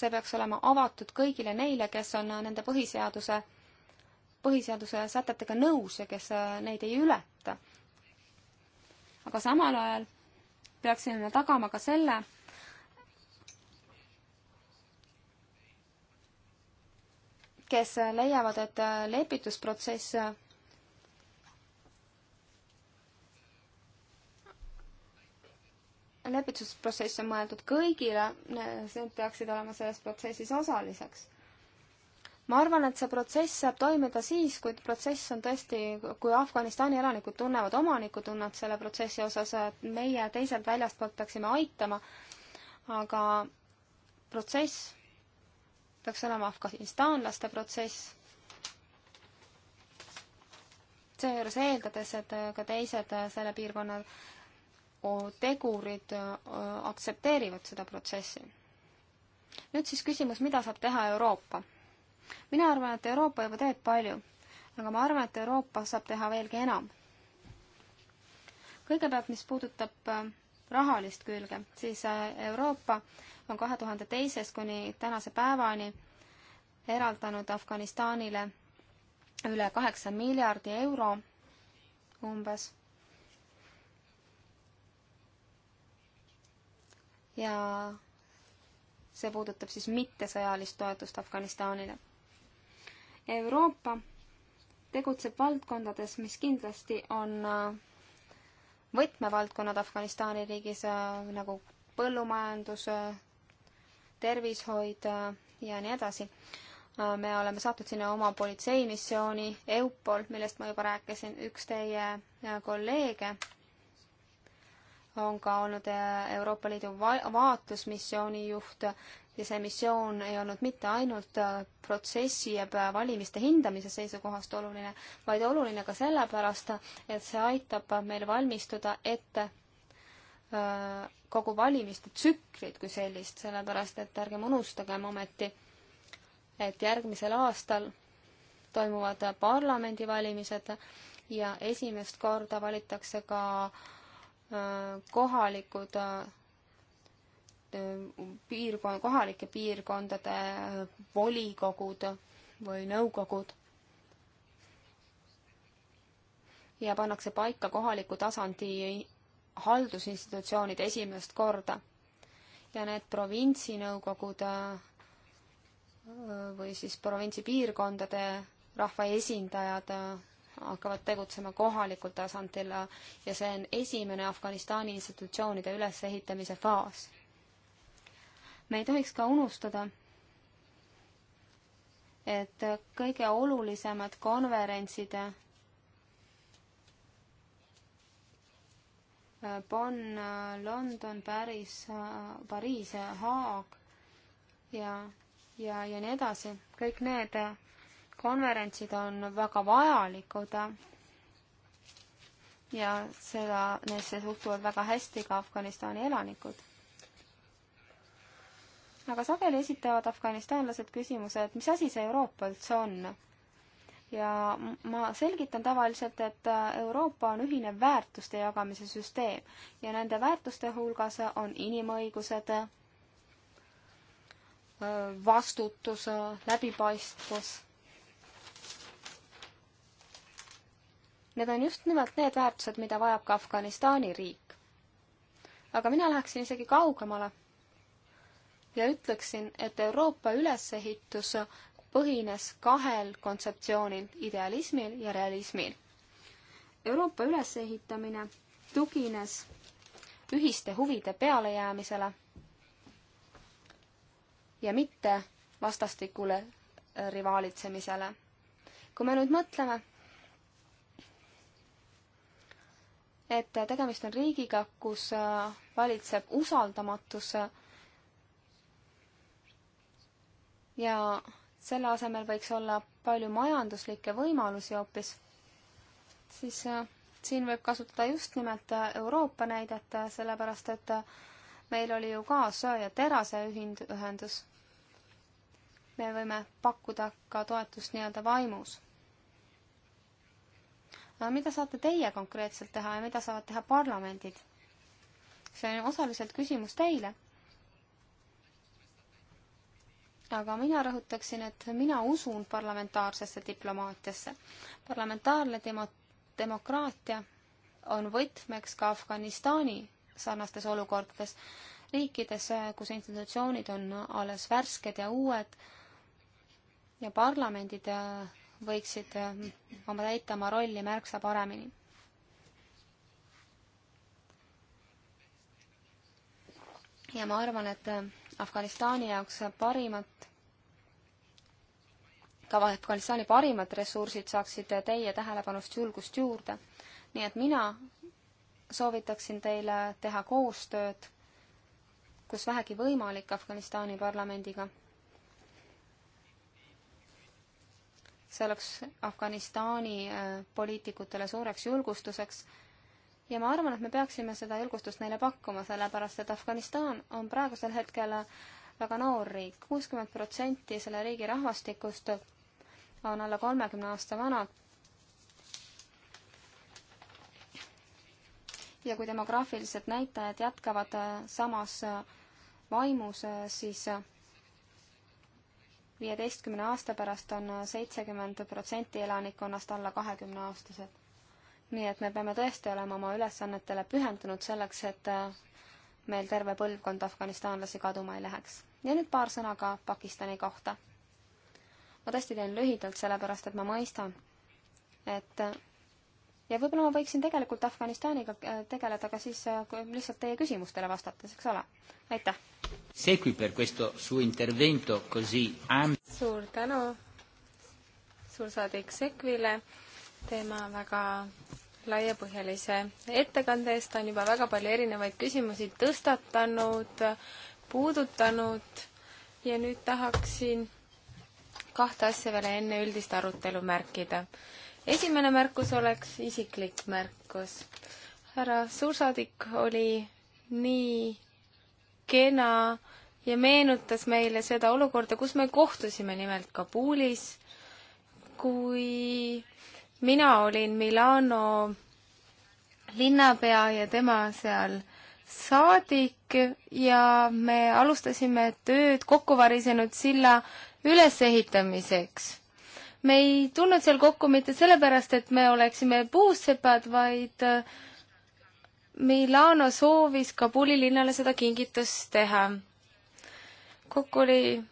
see peaks olema avatud kõigile neile, kes on nende põhiseaduse, põhiseaduse sätetega nõus ja kes äh, neid ei ületa. aga samal ajal peaksime me tagama ka selle, kes leiavad, et lepitusprotsess lepitusprotsess on mõeldud kõigile, need peaksid olema selles protsessis osaliseks. ma arvan, et see protsess saab toimida siis, kui protsess on tõesti, kui Afganistani elanikud tunnevad omanikutunnet selle protsessi osas, et meie teiselt väljastpoolt peaksime aitama, aga protsess peaks olema afganistanlaste protsess. seejuures eeldades, et ka teised selle piirkonna tegurid äh, aktsepteerivad seda protsessi. nüüd siis küsimus, mida saab teha Euroopa? mina arvan, et Euroopa juba teeb palju, aga ma arvan, et Euroopa saab teha veelgi enam. kõigepealt, mis puudutab äh, rahalist külge, siis äh, Euroopa äh, on kahe tuhande teisest kuni tänase päevani eraldanud Afganistanile üle kaheksa miljardi euro umbes. ja see puudutab siis mittesõjalist toetust Afganistanile. Euroopa tegutseb valdkondades, mis kindlasti on äh, võtmevaldkonnad Afganistani riigis, äh, nagu põllumajandus, äh, tervishoid äh, ja nii edasi. Äh, me oleme saatnud sinna oma politseimissiooni EUPOL, millest ma juba rääkisin, üks teie äh, kolleege on ka olnud Euroopa Liidu vaatlusmissiooni juht ja see missioon ei olnud mitte ainult protsessi ja valimiste hindamise seisukohast oluline, vaid oluline ka sellepärast, et see aitab meil valmistuda ette Äh, kogu valimiste tsüklit kui sellist, sellepärast et ärgem unustagem ometi, et järgmisel aastal toimuvad parlamendivalimised ja esimest korda valitakse ka äh, kohalikud äh, piirkon-, kohalike piirkondade volikogud või nõukogud ja pannakse paika kohaliku tasandi haldusinstitutsioonid esimest korda. ja need provintsinõukogud äh, või siis provintsipiirkondade rahvaesindajad äh, hakkavad tegutsema kohalikul tasandil äh, ja see on esimene Afganistani institutsioonide ülesehitamise faas. me ei tohiks ka unustada, et kõige olulisemad konverentsid Bonn, London, Paris, Pariis, Haag ja, ja, ja nii edasi. kõik need konverentsid on väga vajalikud ja seda, neisse suhtuvad väga hästi ka Afganistani elanikud aga sageli esitavad afganistanlased küsimuse, et mis asi see Euroopa üldse on? ja ma selgitan tavaliselt, et äh, Euroopa on ühine väärtuste jagamise süsteem ja nende väärtuste hulgas on inimõigused, äh, vastutus, äh, läbipaistvus. Need on just nimelt need väärtused, mida vajab ka Afganistani riik. aga mina läheksin isegi kaugemale ja ütleksin, et Euroopa ülesehitus põhines kahel kontseptsioonil, idealismil ja realismil. Euroopa ülesehitamine tugines ühiste huvide pealejäämisele ja mitte vastastikule äh, rivaalitsemisele. kui me nüüd mõtleme, et tegemist on riigiga, kus äh, valitseb usaldamatus äh, ja selle asemel võiks olla palju majanduslikke võimalusi hoopis, siis äh, siin võib kasutada just nimelt äh, Euroopa näidet, äh, sellepärast et meil oli ju ka söe- ja teraseühind-, ühendus. me võime pakkuda ka toetust nii-öelda vaimus. aga mida saate teie konkreetselt teha ja mida saavad teha parlamendid? see on osaliselt küsimus teile aga mina rõhutaksin, et mina usun parlamentaarsesse diplomaatiasse. parlamentaarne demo-, demokraatia on võtmeks ka Afganistani sarnastes olukordades, riikides, kus institutsioonid on alles värsked ja uued ja parlamendid võiksid oma täita oma rolli märksa paremini. ja ma arvan, et Afganistani jaoks parimat, ka Afganistani parimad ressursid saaksid teie tähelepanust julgust juurde. nii et mina soovitaksin teile teha koostööd, kus vähegi võimalik, Afganistani parlamendiga. see oleks Afganistani äh, poliitikutele suureks julgustuseks ja ma arvan, et me peaksime seda julgustust neile pakkuma, sellepärast et Afganistan on praegusel hetkel väga noor riik, kuuskümmend protsenti selle riigi rahvastikust on alla kolmekümne aasta vanad. ja kui demograafilised näitajad jätkavad samas vaimus, siis viieteistkümne aasta pärast on seitsekümmend protsenti elanikkonnast alla kahekümne aastased nii et me peame tõesti olema oma ülesannetele pühendunud selleks, et äh, meil terve põlvkond afganistanlasi kaduma ei läheks. ja nüüd paar sõna ka Pakistani kohta. ma tõesti teen lühidalt, sellepärast et ma mõistan, et ja võib-olla ma võiksin tegelikult Afganistaniga äh, tegeleda ka siis äh, lihtsalt teie küsimustele vastates, eks ole. aitäh! suur tänu suursaadik Sekvile tema väga laiapõhjalise ettekande eest, ta on juba väga palju erinevaid küsimusi tõstatanud, puudutanud ja nüüd tahaksin kahte asja veel enne üldist arutelu märkida. esimene märkus oleks isiklik märkus. härra suursaadik oli nii kena ja meenutas meile seda olukorda, kus me kohtusime nimelt Kabulis, kui mina olin Milano linnapea ja tema seal saadik ja me alustasime tööd kokkuvarisenud silla ülesehitamiseks. me ei tulnud seal kokku mitte sellepärast, et me oleksime puussepad, vaid äh, Milano soovis Kabuli linnale seda kingitust teha. kokku oli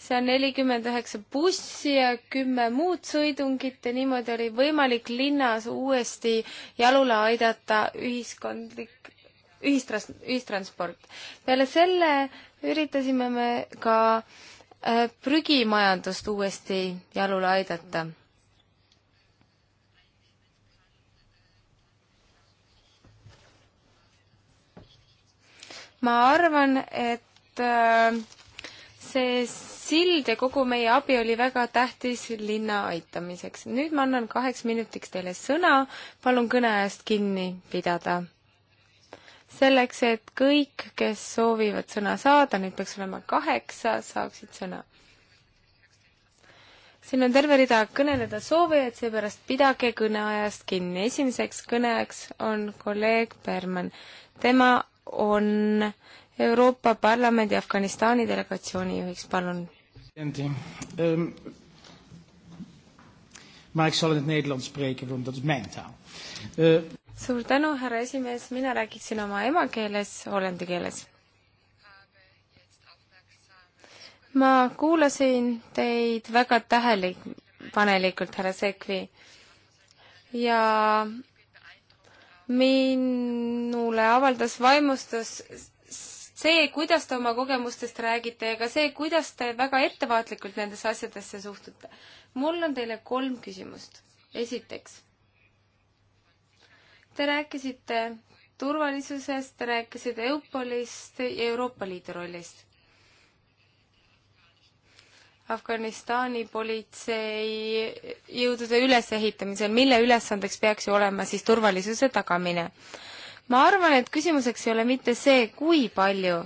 see on nelikümmend üheksa bussi ja kümme muud sõidungit ja niimoodi oli võimalik linnas uuesti jalule aidata ühiskondlik, ühistras-, ühistransport. peale selle üritasime me ka äh, prügimajandust uuesti jalule aidata ma arvan, et äh, see sild ja kogu meie abi oli väga tähtis linna aitamiseks. nüüd ma annan kaheks minutiks teile sõna, palun kõne eest kinni pidada. selleks, et kõik, kes soovivad sõna saada, nüüd peaks olema kaheksa, saaksid sõna. siin on terve rida kõneleda soovijaid, seepärast pidage kõneajast kinni. esimeseks kõneks on kolleeg Berman. tema on äh, Euroopa Parlamendi Afganistani delegatsiooni juhiks, palun. Maar ik zal in het Nederlands spreken, want dat is mijn taal. Uh... Suur tänu, härra esimees, mina räägiksin oma emakeeles, hollandi keeles. ma kuulasin teid väga tähelepanelikult, härra Sekvi, ja minule avaldas vaimustust see, kuidas te oma kogemustest räägite ja ka see, kuidas te väga ettevaatlikult nendesse asjadesse suhtute. mul on teile kolm küsimust. esiteks, te rääkisite turvalisusest, te rääkisite Eupolist ja Euroopa Liidu rollist Afganistani politsei jõudude ülesehitamisel, mille ülesandeks peaks ju olema siis turvalisuse tagamine? ma arvan, et küsimuseks ei ole mitte see, kui palju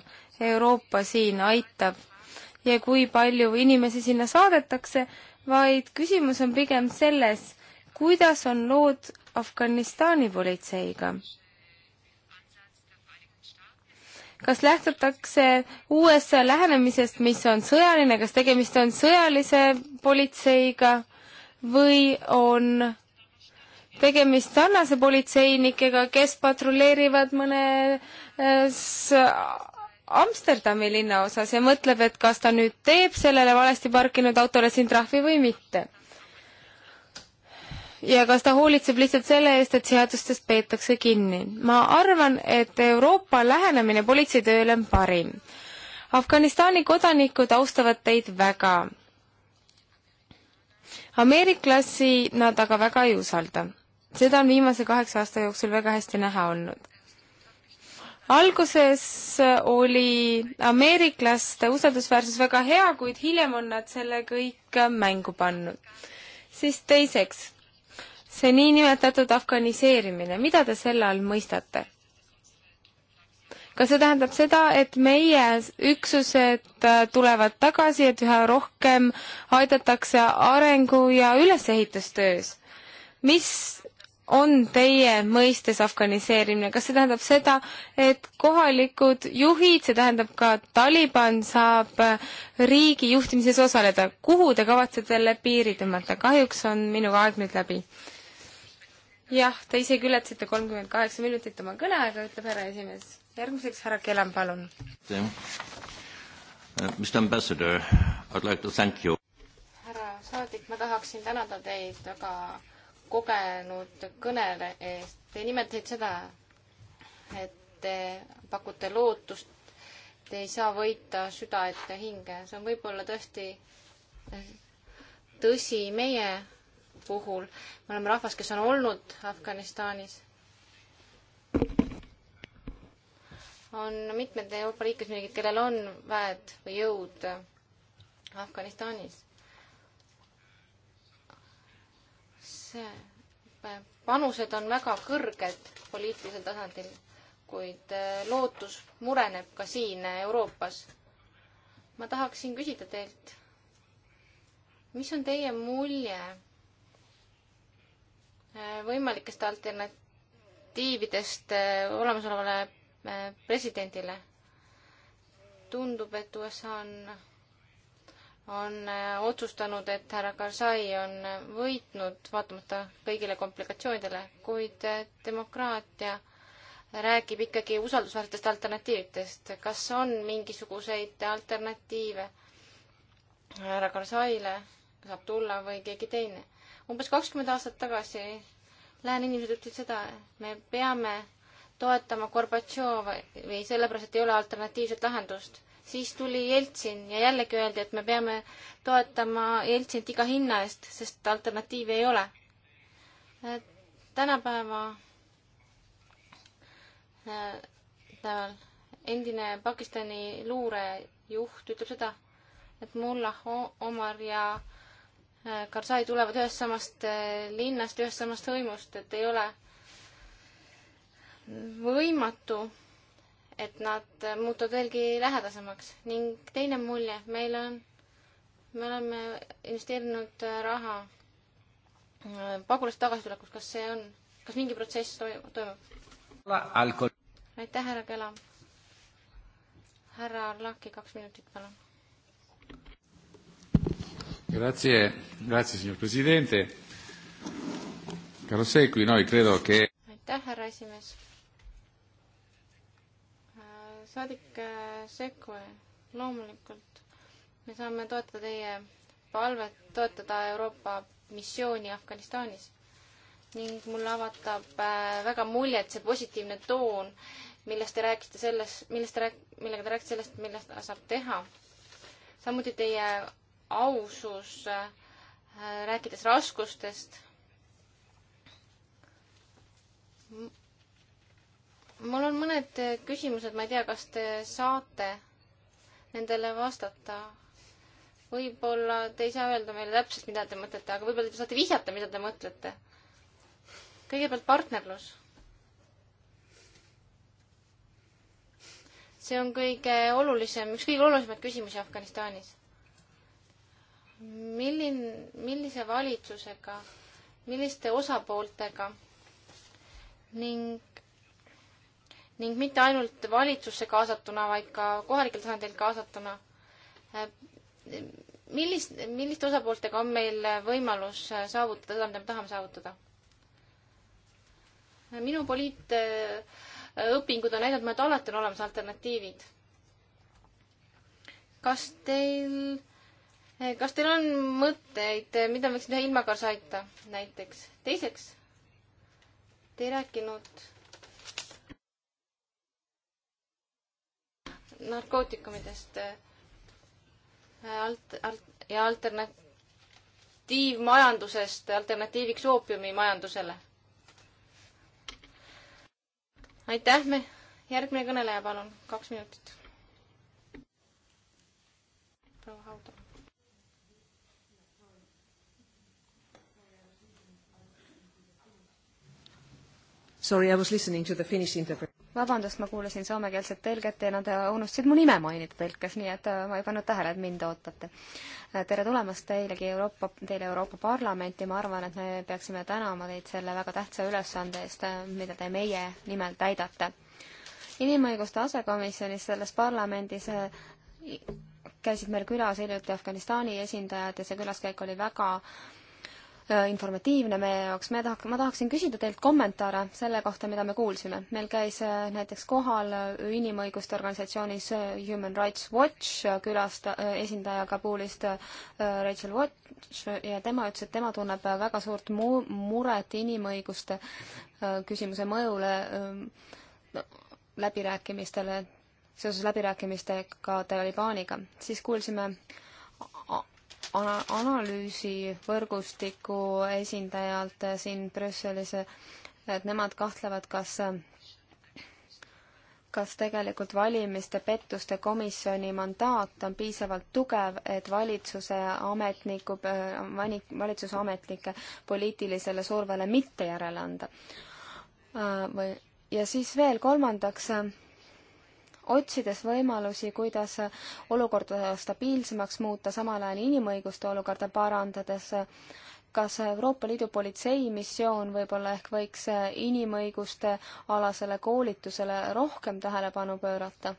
Euroopa siin aitab ja kui palju inimesi sinna saadetakse, vaid küsimus on pigem selles, kuidas on lood Afganistani politseiga. kas lähtutakse USA lähenemisest, mis on sõjaline, kas tegemist on sõjalise politseiga või on tegemist sarnase politseinikega, kes patrulleerivad mõnes äh, Amsterdami linnaosas ja mõtleb, et kas ta nüüd teeb sellele valesti parkinud autole siin trahvi või mitte. ja kas ta hoolitseb lihtsalt selle eest, et seadustest peetakse kinni. ma arvan, et Euroopa lähenemine politseitööle on parim. Afganistani kodanikud austavad teid väga. ameeriklasi nad aga väga ei usalda seda on viimase kaheksa aasta jooksul väga hästi näha olnud. alguses oli ameeriklaste usaldusväärsus väga hea, kuid hiljem on nad selle kõik mängu pannud. siis teiseks, see niinimetatud afganiseerimine, mida te selle all mõistate? kas see tähendab seda, et meie üksused tulevad tagasi, et üha rohkem aidatakse arengu- ja ülesehitustöös? mis on teie mõistes afganiseerimine, kas see tähendab seda, et kohalikud juhid, see tähendab ka Taliban saab äh, riigi juhtimises osaleda, kuhu te kavatsete jälle piiri tõmmata, kahjuks on minu aeg nüüd läbi. jah, te isegi ületasite kolmkümmend kaheksa minutit oma kõneaega, ütleb härra esimees. järgmiseks härra Kelam, palun. Uh, Mr Ambassador, I would like to thank you. härra saadik, ma tahaksin tänada teid väga aga kogenud kõnele eest. Te nimetasite seda, et te pakute lootust, te ei saa võita süda ette hinge. see on võib-olla tõesti tõsi meie puhul. me oleme rahvas, kes on olnud Afganistanis. on mitmed Euroopa liikmesriigid, kellel on väed või jõud Afganistanis panused on väga kõrged poliitilisel tasandil, kuid äh, lootus mureneb ka siin Euroopas. ma tahaksin küsida teilt, mis on teie mulje äh, võimalikest alternatiividest äh, olemasolevale presidendile? tundub, et USA on on äh, otsustanud, et härra Karzai on äh, võitnud, vaatamata kõigile komplikatsioonidele, kuid äh, demokraatia räägib ikkagi usaldusväärsetest alternatiividest. kas on mingisuguseid alternatiive härra Karzaile, saab tulla või keegi teine? umbes kakskümmend aastat tagasi lääne inimesed ütlesid seda, me peame toetama Gorbatšovi sellepärast, et ei ole alternatiivset lahendust siis tuli Jeltsin ja jällegi öeldi, et me peame toetama Jeltsinit iga hinna eest, sest alternatiivi ei ole. tänapäeva tänaval äh, endine Pakistani luurejuht ütleb seda, et mullah Omar ja äh, Karzai tulevad ühest samast äh, linnast, ühest samast hõimust, et ei ole võimatu et nad muutuvad veelgi lähedasemaks ning teine mulje, meil on, me oleme investeerinud raha äh, pagulaste tagasitulekus, kas see on, kas mingi protsess toimub, toimub? aitäh, härra Kela. härra Arlaki, kaks minutit, palun. Grazie, grazie, signor presidente. Caro Secui, noi credo che aitäh, härra esimees saadik äh, Sekue, loomulikult me saame toetada teie palvet toetada Euroopa missiooni Afganistanis ning mulle avatab äh, väga muljet see positiivne toon, millest te rääkisite selles, millest te rääk-, millega te rääkisite sellest, millest ta saab teha. samuti teie ausus äh, rääkides raskustest mul on mõned eh, küsimused, ma ei tea, kas te saate nendele vastata. võib-olla te ei saa öelda meile täpselt, mida te mõtlete, aga võib-olla te saate vihjata, mida te mõtlete. kõigepealt partnerlus. see on kõige olulisem, üks kõige olulisemaid küsimusi Afganistanis. milline, millise valitsusega, milliste osapooltega ning ning mitte ainult valitsusse kaasatuna, vaid ka kohalikel tasandil kaasatuna. millist, milliste osapooltega on meil võimalus saavutada seda, mida me tahame saavutada? minu poliitõpingud on näidanud, et alati on olemas alternatiivid. kas teil, kas teil on mõtteid, mida võiks ühe ilmaga saita näiteks? teiseks, te ei rääkinud narkootikumidest äh, alt-, alt- ja alternatiivmajandusest alternatiiviks oopiumimajandusele. aitäh, me, järgmine kõneleja, palun, kaks minutit. proua Haudo. Sorry, I was listening to the Finnish interpret- vabandust, ma kuulasin soomekeelset tõlget ja nad unustasid mu nime mainida tõlkes, nii et äh, ma ei pannud tähele, et mind ootate. Äh, tere tulemast teilegi Euroopa, teile Euroopa Parlamenti, ma arvan, et me peaksime tänama teid selle väga tähtsa ülesande eest, äh, mida te meie nimel täidate. inimõiguste asekomisjonis selles parlamendis käisid meil külas hiljuti Afganistani esindajad ja see külaskäik oli väga Äh, informatiivne meie jaoks, me tahaks, ma tahaksin küsida teilt kommentaare selle kohta, mida me kuulsime. meil käis äh, näiteks kohal äh, inimõiguste organisatsioonis Human Rights Watch külasta-, esindaja Kabulist Rachel Watch ja tema ütles, et tema tunneb väga suurt mu-, muret inimõiguste küsimuse mõjule no, ähm, läbirääkimistele, seoses läbirääkimistega Talibaniga. siis kuulsime analüüsivõrgustiku esindajalt siin Brüsselis, et nemad kahtlevad, kas kas tegelikult valimiste pettuste komisjoni mandaat on piisavalt tugev, et valitsuse ametniku, valitsuse ametnike poliitilisele survele mitte järele anda. Või, ja siis veel kolmandaks otsides võimalusi, kuidas olukorda stabiilsemaks muuta, samal ajal inimõiguste olukorda parandades, kas Euroopa Liidu politseimissioon võib-olla ehk võiks inimõiguste alasele koolitusele rohkem tähelepanu pöörata?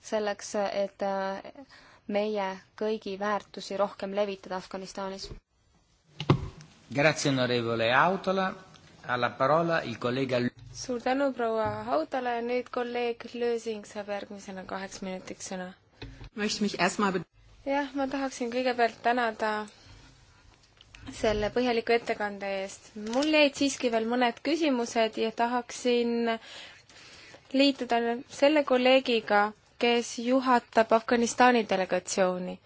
selleks, et meie kõigi väärtusi rohkem levitada Afganistanis. Grazie onorevole Autola suur tänu, proua Haudale, nüüd kolleeg Lösing saab järgmisena kaheks minutiks sõna. jah, ma tahaksin kõigepealt tänada selle põhjaliku ettekande eest. mul jäid siiski veel mõned küsimused ja tahaksin liituda selle kolleegiga, kes juhatab Afganistani delegatsiooni.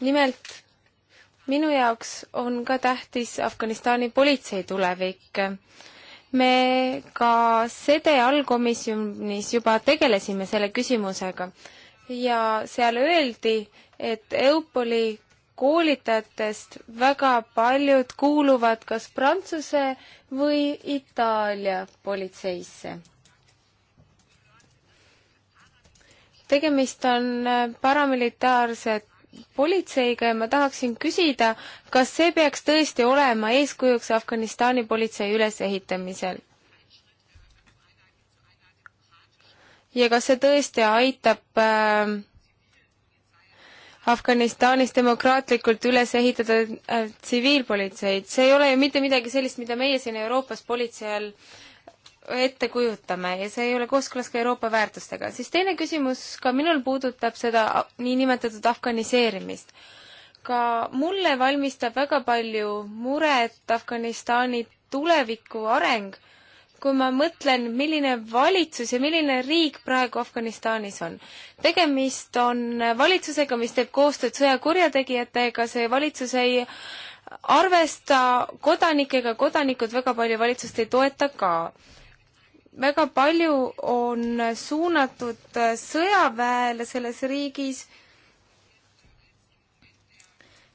nimelt minu jaoks on ka tähtis Afganistani politsei tulevik. me ka SEDE allkomisjonis juba tegelesime selle küsimusega ja seal öeldi, et EUPOL-i koolitajatest väga paljud kuuluvad kas Prantsuse või Itaalia politseisse. tegemist on paramilitaarse politseiga ja ma tahaksin küsida, kas see peaks tõesti olema eeskujuks Afganistani politsei ülesehitamisel? ja kas see tõesti aitab äh, Afganistanis demokraatlikult üles ehitada äh, tsiviilpolitseid äh,, see ei ole ju mitte midagi sellist, mida meie siin Euroopas politsei all äh, ette kujutame ja see ei ole kooskõlas ka Euroopa väärtustega. siis teine küsimus ka minul puudutab seda niinimetatud afganiseerimist. ka mulle valmistab väga palju muret Afganistani tuleviku areng, kui ma mõtlen, milline valitsus ja milline riik praegu Afganistanis on. tegemist on valitsusega, mis teeb koostööd sõjakurjategijatega, see valitsus ei arvesta kodanikega, kodanikud väga palju valitsust ei toeta ka väga palju on suunatud sõjaväele selles riigis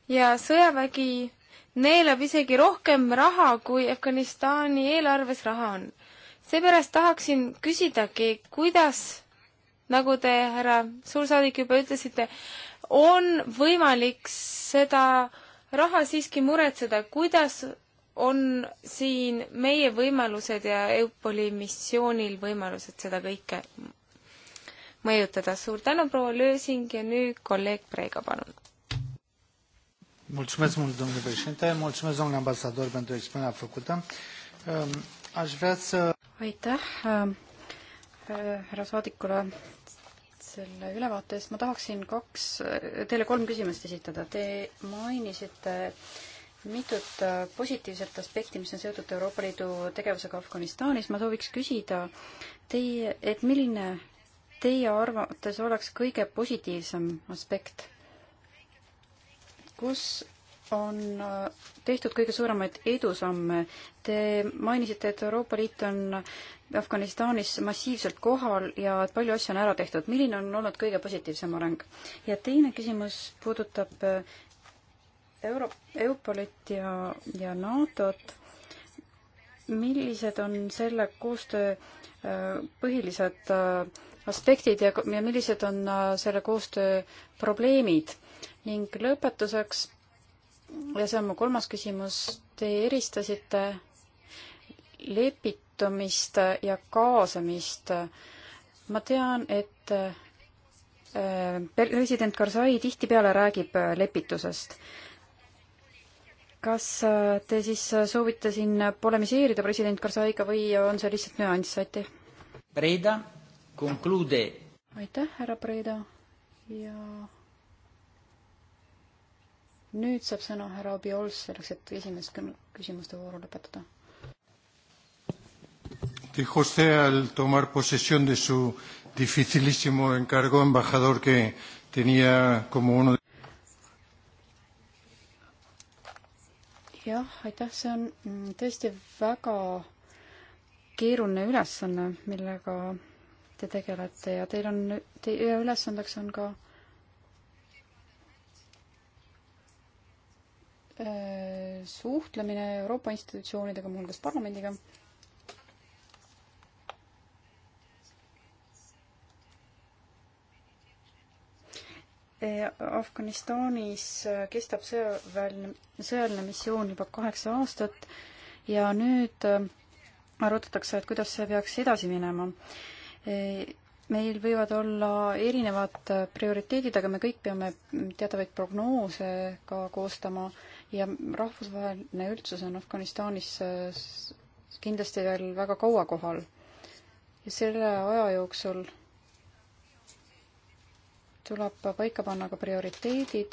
ja sõjavägi neelab isegi rohkem raha, kui Afganistani eelarves raha on. seepärast tahaksin küsidagi, kuidas, nagu te, härra suursaadik, juba ütlesite, on võimalik seda raha siiski muretseda, kuidas on siin meie võimalused ja EUPOL-i missioonil võimalused seda kõike mõjutada. suur tänu, proua Lösing ja nüüd kolleeg Preiga, palun. Mulțumesc mult, domnule președinte, mulțumesc, domnule ambasador, pentru expunerea făcută. Ehm, aș vrea să... Aitäh eh, härra saadikule selle ülevaate eest. ma tahaksin kaks, teile kolm küsimust esitada. Te mainisite äh, mitut äh, positiivset aspekti, mis on seotud Euroopa Liidu tegevusega Afganistanis. ma sooviks küsida teie, et milline teie arvates oleks kõige positiivsem aspekt? kus on äh, tehtud kõige suuremaid edusamme. Te mainisite, et Euroopa Liit on Afganistanis massiivselt kohal ja et palju asju on ära tehtud. milline on olnud kõige positiivsem areng? ja teine küsimus puudutab äh, Euro-, Eupolit ja, ja NATO-t, millised on selle koostöö äh, põhilised äh, aspektid ja, ja millised on äh, selle koostöö probleemid? ning lõpetuseks, ja see on mu kolmas küsimus, te eristasite lepitumist ja kaasamist. ma tean, et president Karzai tihtipeale räägib lepitusest kas äh, te siis äh, soovite siin polemiseerida president Karzaiga või on see lihtsalt nüanss, aitäh? Breda, conclude. aitäh, härra Breda ja nüüd saab sõna härra Obiols selleks, et esimest küsimuste vooru lõpetada. Dijo usted al tomar posesión de su dificilísimo encargo embajador que tenía como uno jah, aitäh, see on mm, tõesti väga keeruline ülesanne, millega te tegelete ja teil on, teie ülesandeks on ka äh, suhtlemine Euroopa institutsioonidega, muuhulgas parlamendiga Afganistanis äh, kestab sõjaväeline, sõjaline missioon juba kaheksa aastat ja nüüd äh, arutatakse, et kuidas see peaks edasi minema. E, meil võivad olla erinevad äh, prioriteedid, aga me kõik peame teatavaid prognoose ka koostama ja rahvusvaheline üldsus on Afganistanis kindlasti veel väga kaua kohal. ja selle aja jooksul tuleb paika panna ka prioriteedid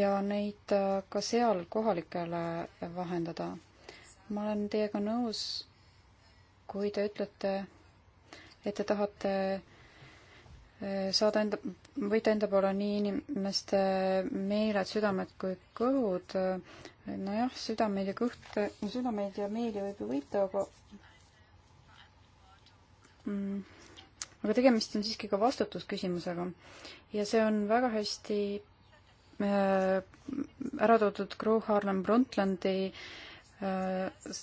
ja neid ka seal kohalikele vahendada. ma olen teiega nõus, kui te ütlete, et te tahate eh, saada enda, võita enda poole nii inimeste meeled, südamed kui kõhud. nojah, südameid ja kõht, südameid ja meeli võib ju võita, aga mm aga tegemist on siiski ka vastutusküsimusega. ja see on väga hästi äh, ära toodud Gro Harlem Brundtlandi äh,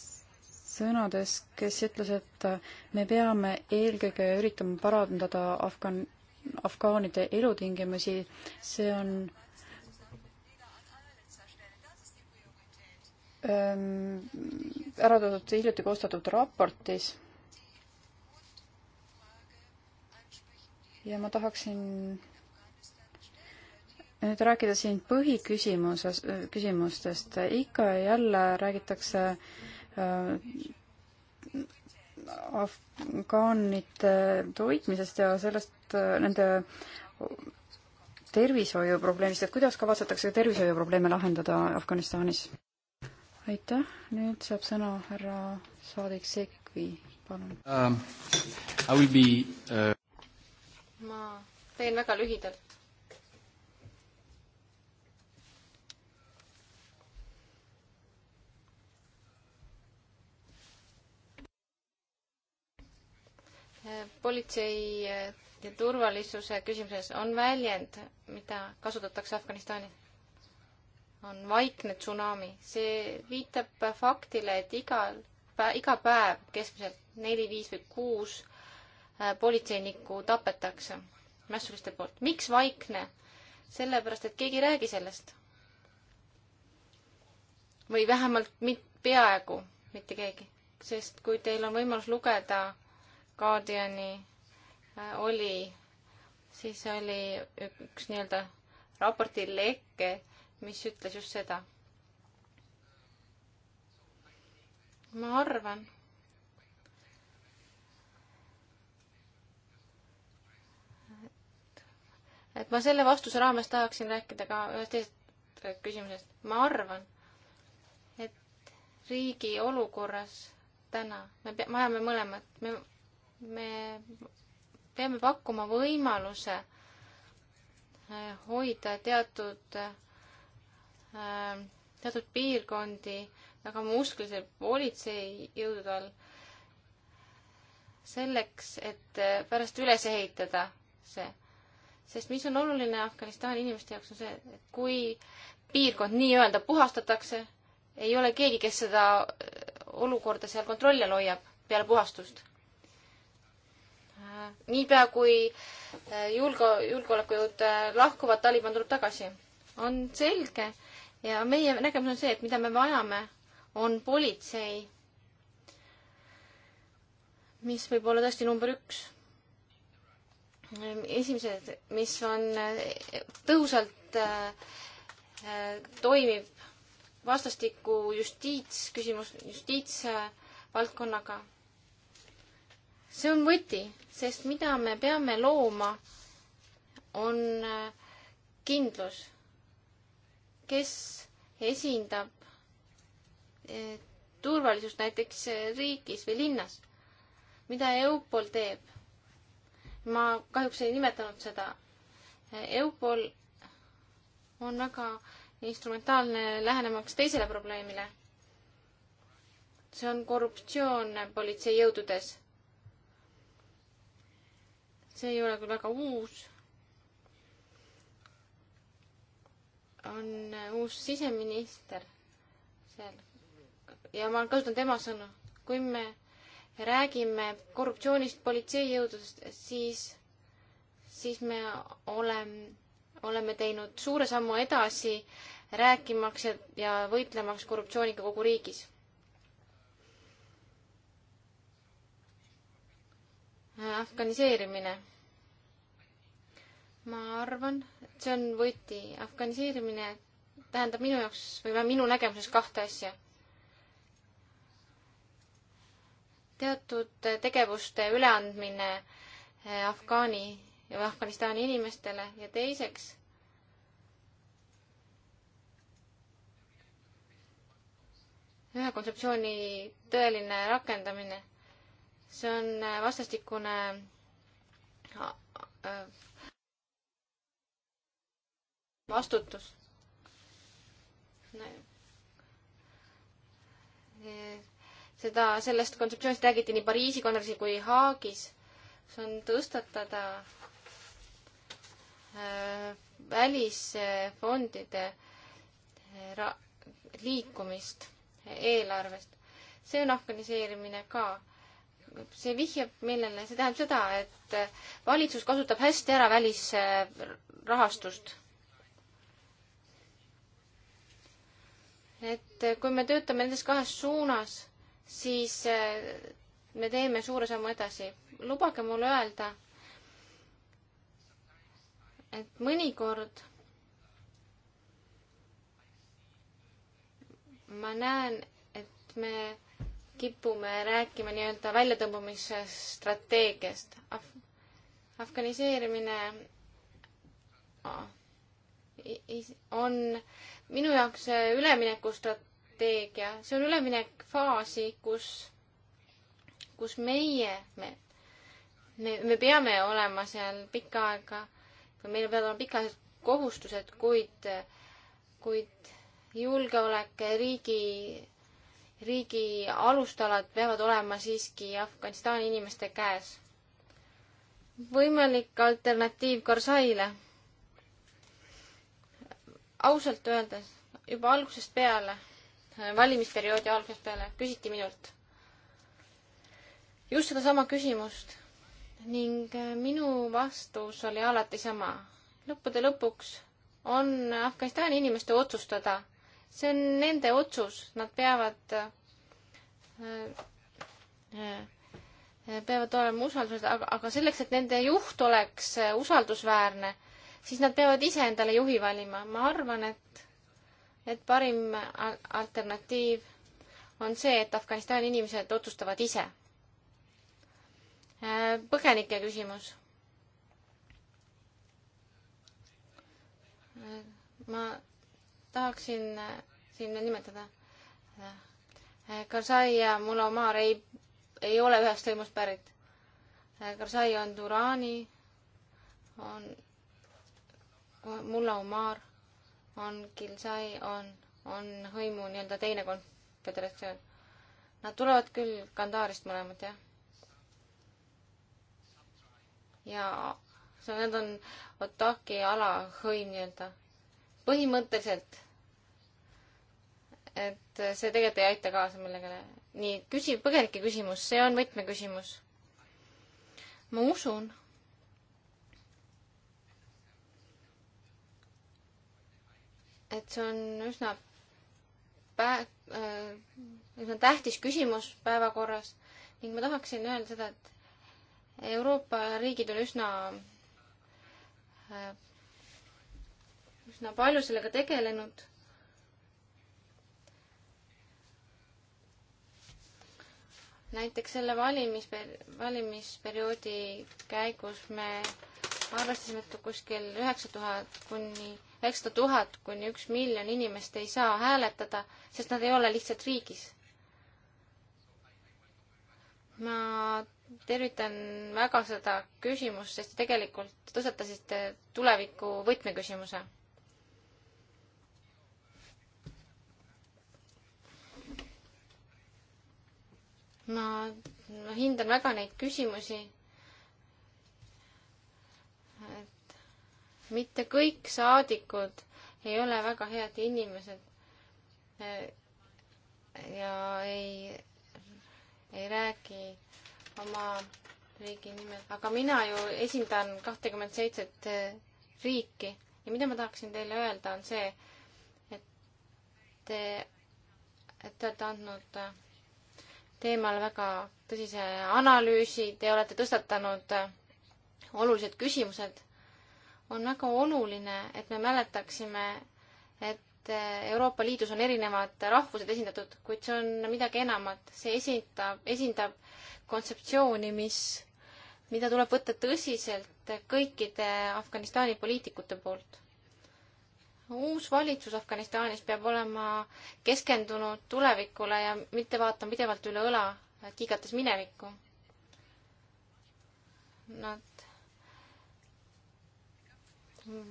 sõnades, kes ütles, et äh, me peame eelkõige üritama parandada Afgan-, afgaanide elutingimusi, see on ähm, ära toodud hiljuti koostatud raportis ja ma tahaksin nüüd rääkida siin põhiküsimuses, äh, küsimustest. ikka ja jälle räägitakse äh, afgaanide toitmisest ja sellest äh, nende tervishoiuprobleemist, et kuidas kavatsetakse tervishoiuprobleeme lahendada Afganistanis? aitäh, nüüd saab sõna härra saadik Sekvi, palun um,. Uh ma teen väga lühidalt. politsei ja turvalisuse küsimuses on väljend, mida kasutatakse Afganistanis, on vaikne tsunami. see viitab faktile, et igal, iga päev keskmiselt neli, viis või kuus Äh, politseinikku tapetakse mässuliste poolt. miks vaikne? sellepärast, et keegi ei räägi sellest. või vähemalt mit-, peaaegu mitte keegi. sest kui teil on võimalus lugeda Guardiani äh, oli, siis oli üks nii-öelda raporti leke, mis ütles just seda. ma arvan et ma selle vastuse raames tahaksin rääkida ka ühest teisest küsimusest. ma arvan, et riigi olukorras täna me pea-, me ajame mõlemat, me, me peame pakkuma võimaluse äh, hoida teatud, äh, teatud piirkondi väga musklise politseijõudude all selleks, et äh, pärast üles ehitada see sest mis on oluline Afganistani inimeste jaoks, on see, et kui piirkond nii-öelda puhastatakse, ei ole keegi, kes seda äh, olukorda seal kontrolli all hoiab peale puhastust. Äh, niipea, kui äh, julge-, julgeolekujõud lahkuvad, Taliban tuleb tagasi. on selge ja meie nägemus on see, et mida me vajame, on politsei, mis võib olla tõesti number üks esimesed, mis on eh, tõhusalt eh, eh, toimiv vastastikku justiitsküsimus, justiitsvaldkonnaga. see on võti, sest mida me peame looma, on kindlus, kes esindab turvalisust näiteks riigis või linnas. mida EUPOL teeb ma kahjuks ei nimetanud seda. EUPOL on väga instrumentaalne lähenemaks teisele probleemile. see on korruptsioon politseijõududes. see ei ole küll väga uus. on uus siseminister seal ja ma kasutan tema sõnu. kui me räägime korruptsioonist, politseijõududest, siis, siis me oleme, oleme teinud suure sammu edasi, rääkimaks ja, ja võitlemaks korruptsiooniga kogu riigis. afganiseerimine. ma arvan, et see on võti. afganiseerimine tähendab minu jaoks või minu nägemuses kahte asja teatud tegevuste üleandmine eh, Afgaani ja Afganistani inimestele ja teiseks ühe kontseptsiooni tõeline rakendamine. see on eh, vastastikune vastutus seda, sellest kontseptsioonist räägiti nii Pariisi konverentsil kui Haagis. see on tõstatada äh, välisfondide äh, ra-, liikumist eelarvest. see on afganiseerimine ka. see vihjab millele, see tähendab seda, et äh, valitsus kasutab hästi ära välisrahastust. et kui me töötame nendes kahes suunas siis eh, me teeme suure sammu edasi. lubage mul öelda, et mõnikord ma näen, et me kipume rääkima nii-öelda väljatõmbumise strateegiast Af. afganiseerimine ah, on minu jaoks üleminekustrateegia strateegia, see on üleminek faasi, kus, kus meie, me, me, me peame olema seal pikka aega, meil peavad olema pikaajalised kohustused, kuid, kuid julgeolek, riigi, riigi alustalad peavad olema siiski Afganistani inimeste käes. võimalik alternatiiv Karzaile. ausalt öeldes juba algusest peale valimisperioodi algusest peale küsiti minult just sedasama küsimust ning äh, minu vastus oli alati sama. lõppude lõpuks on Afganistani inimeste otsustada. see on nende otsus, nad peavad äh, äh, peavad olema usaldusväärsed, aga, aga selleks, et nende juht oleks usaldusväärne, siis nad peavad ise endale juhi valima. ma arvan, et et parim alternatiiv on see, et Afganistani inimesed otsustavad ise. Äh, põgenike küsimus. Äh, ma tahaksin äh, siin veel nimetada. Karzai ja Mulomar ei, ei ole ühest hõimust pärit. Karzai on Durani, on Mulomar on Kilsai, on, on hõimu nii-öelda teine konföderatsioon. Nad tulevad küll Kandarist mõlemad, jah. ja see, nad on Otaki ala hõim nii-öelda. põhimõtteliselt, et see tegelikult ei aita kaasa millegile. nii, küsi-, põgenike küsimus, see on võtmeküsimus. ma usun et see on üsna pä-, äh, üsna tähtis küsimus päevakorras ning ma tahaksin öelda seda, et Euroopa riigid on üsna, äh, üsna palju sellega tegelenud. näiteks selle valimis, valimisperioodi käigus me arvestasime, et kuskil üheksa tuhat kuni üheksasada tuhat kuni üks miljon inimest ei saa hääletada, sest nad ei ole lihtsalt riigis. ma tervitan väga seda küsimust, sest te tegelikult tõstatasite tuleviku võtmeküsimuse. ma hindan väga neid küsimusi mitte kõik saadikud ei ole väga head inimesed ja ei, ei räägi oma riigi nimel, aga mina ju esindan kahtekümmet seitset eh, riiki ja mida ma tahaksin teile öelda, on see, et te, et te olete andnud eh, teemal väga tõsise analüüsi, te olete tõstatanud eh, olulised küsimused on väga oluline, et me mäletaksime, et Euroopa Liidus on erinevad rahvused esindatud, kuid see on midagi enamat. see esindab, esindab kontseptsiooni, mis, mida tuleb võtta tõsiselt kõikide Afganistani poliitikute poolt. uus valitsus Afganistanis peab olema keskendunud tulevikule ja mitte vaatama pidevalt üle õla, kiigates minevikku. Nad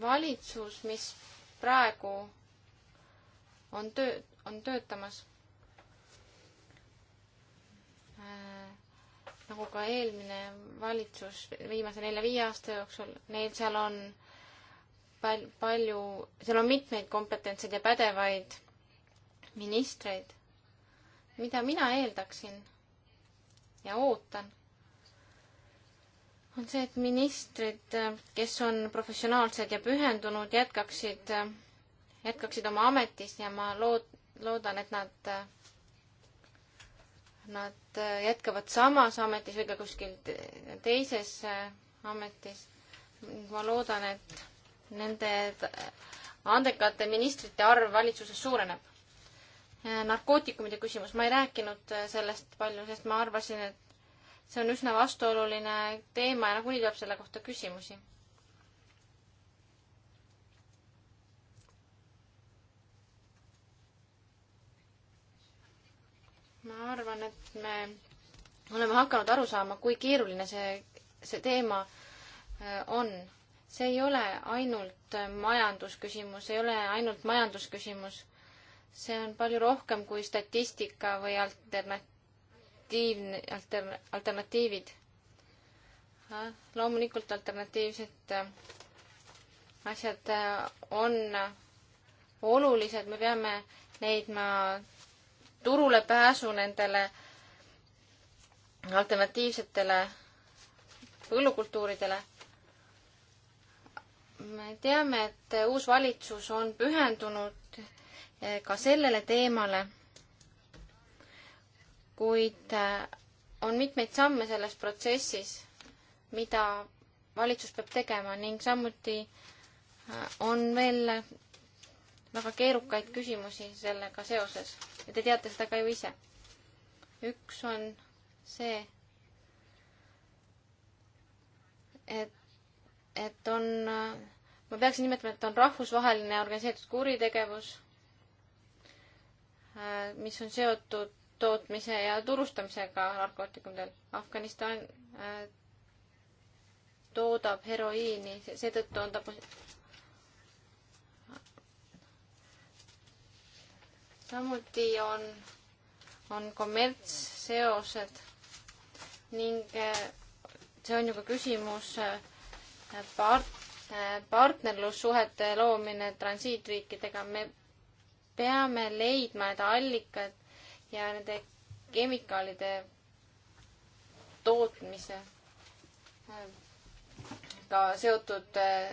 valitsus, mis praegu on töö, on töötamas äh, nagu ka eelmine valitsus viimase nelja-viie aasta jooksul, neil seal on pal-, palju, seal on mitmeid kompetentseid ja pädevaid ministreid, mida mina eeldaksin ja ootan on see, et ministrid, kes on professionaalsed ja pühendunud, jätkaksid, jätkaksid oma ametis ja ma lood-, loodan, et nad, nad jätkavad samas ametis või ka kuskil teises ametis. ma loodan, et nende andekate ministrite arv valitsuses suureneb narkootikumide küsimus, ma ei rääkinud sellest palju, sest ma arvasin, et see on üsna vastuoluline teema ja nagunii tuleb selle kohta küsimusi. ma arvan, et me oleme hakanud aru saama, kui keeruline see, see teema äh, on. see ei ole ainult majandusküsimus, ei ole ainult majandusküsimus. see on palju rohkem kui statistika või alternat-, alternatiivne, altern-, alternatiivid. loomulikult alternatiivsed äh, asjad äh, on äh, olulised, me peame leidma turule pääsu nendele alternatiivsetele põllukultuuridele. me teame, et uus valitsus on pühendunud ka sellele teemale kuid äh, on mitmeid samme selles protsessis, mida valitsus peab tegema ning samuti äh, on veel väga keerukaid küsimusi sellega seoses ja te teate seda ka ju ise. üks on see, et, et on, äh, ma peaksin nimetama, et on rahvusvaheline organiseeritud kuritegevus, mis on seotud tootmise ja turustamisega narkootikumidel. Afganistan äh, toodab heroiini, seetõttu on ta samuti on, on kommertsseosed ning äh, see on ju ka küsimus äh, part-, äh, partnerlussuhete loomine transiitriikidega. me peame leidma need allikad, ja nende kemikaalide tootmise äh, ka seotud äh,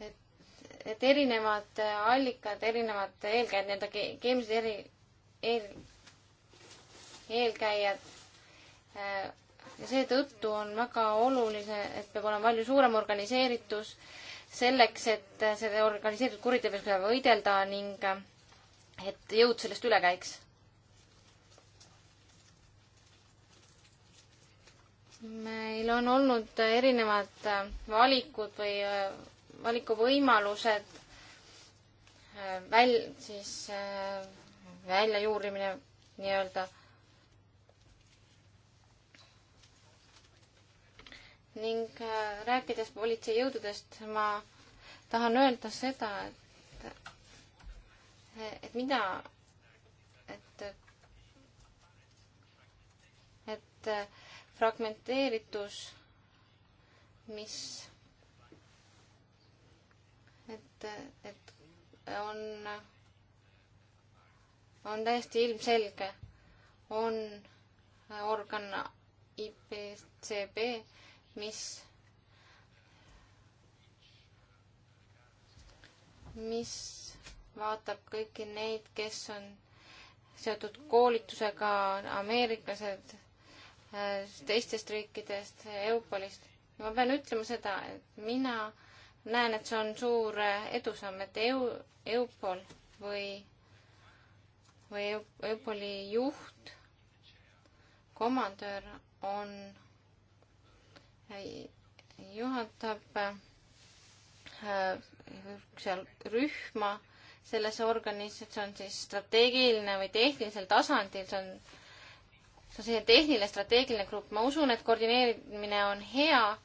et, et erinevad äh, allikad, erinevad eelkäijad, nii-öelda keemilised eri, eel, eelkäijad. ja seetõttu on väga oluline, et peab olema palju suurem organiseeritus äh, selleks, et selle organiseeritud kuritegevusega võidelda ning et jõud sellest üle käiks. meil on olnud erinevad valikud või valikuvõimalused, äh, väl-, siis äh, välja juurimine nii-öelda ning äh, rääkides politseijõududest, ma tahan öelda seda, et, et mina, et, et äh, fragmenteeritus, mis, et, et on, on täiesti ilmselge, on äh, organ IPCB mis, mis vaatab kõiki neid, kes on seotud koolitusega, ameeriklased teistest riikidest, Eupolist. ma pean ütlema seda, et mina näen, et see on suur edusamm, et EU, Eupol või, või Eupoli juht, komandör on juhatab äh, seal rühma selles organis, et see on siis strateegiline või tehnilisel tasandil, see on, see on selline tehniline strateegiline grupp. ma usun, et koordineerimine on hea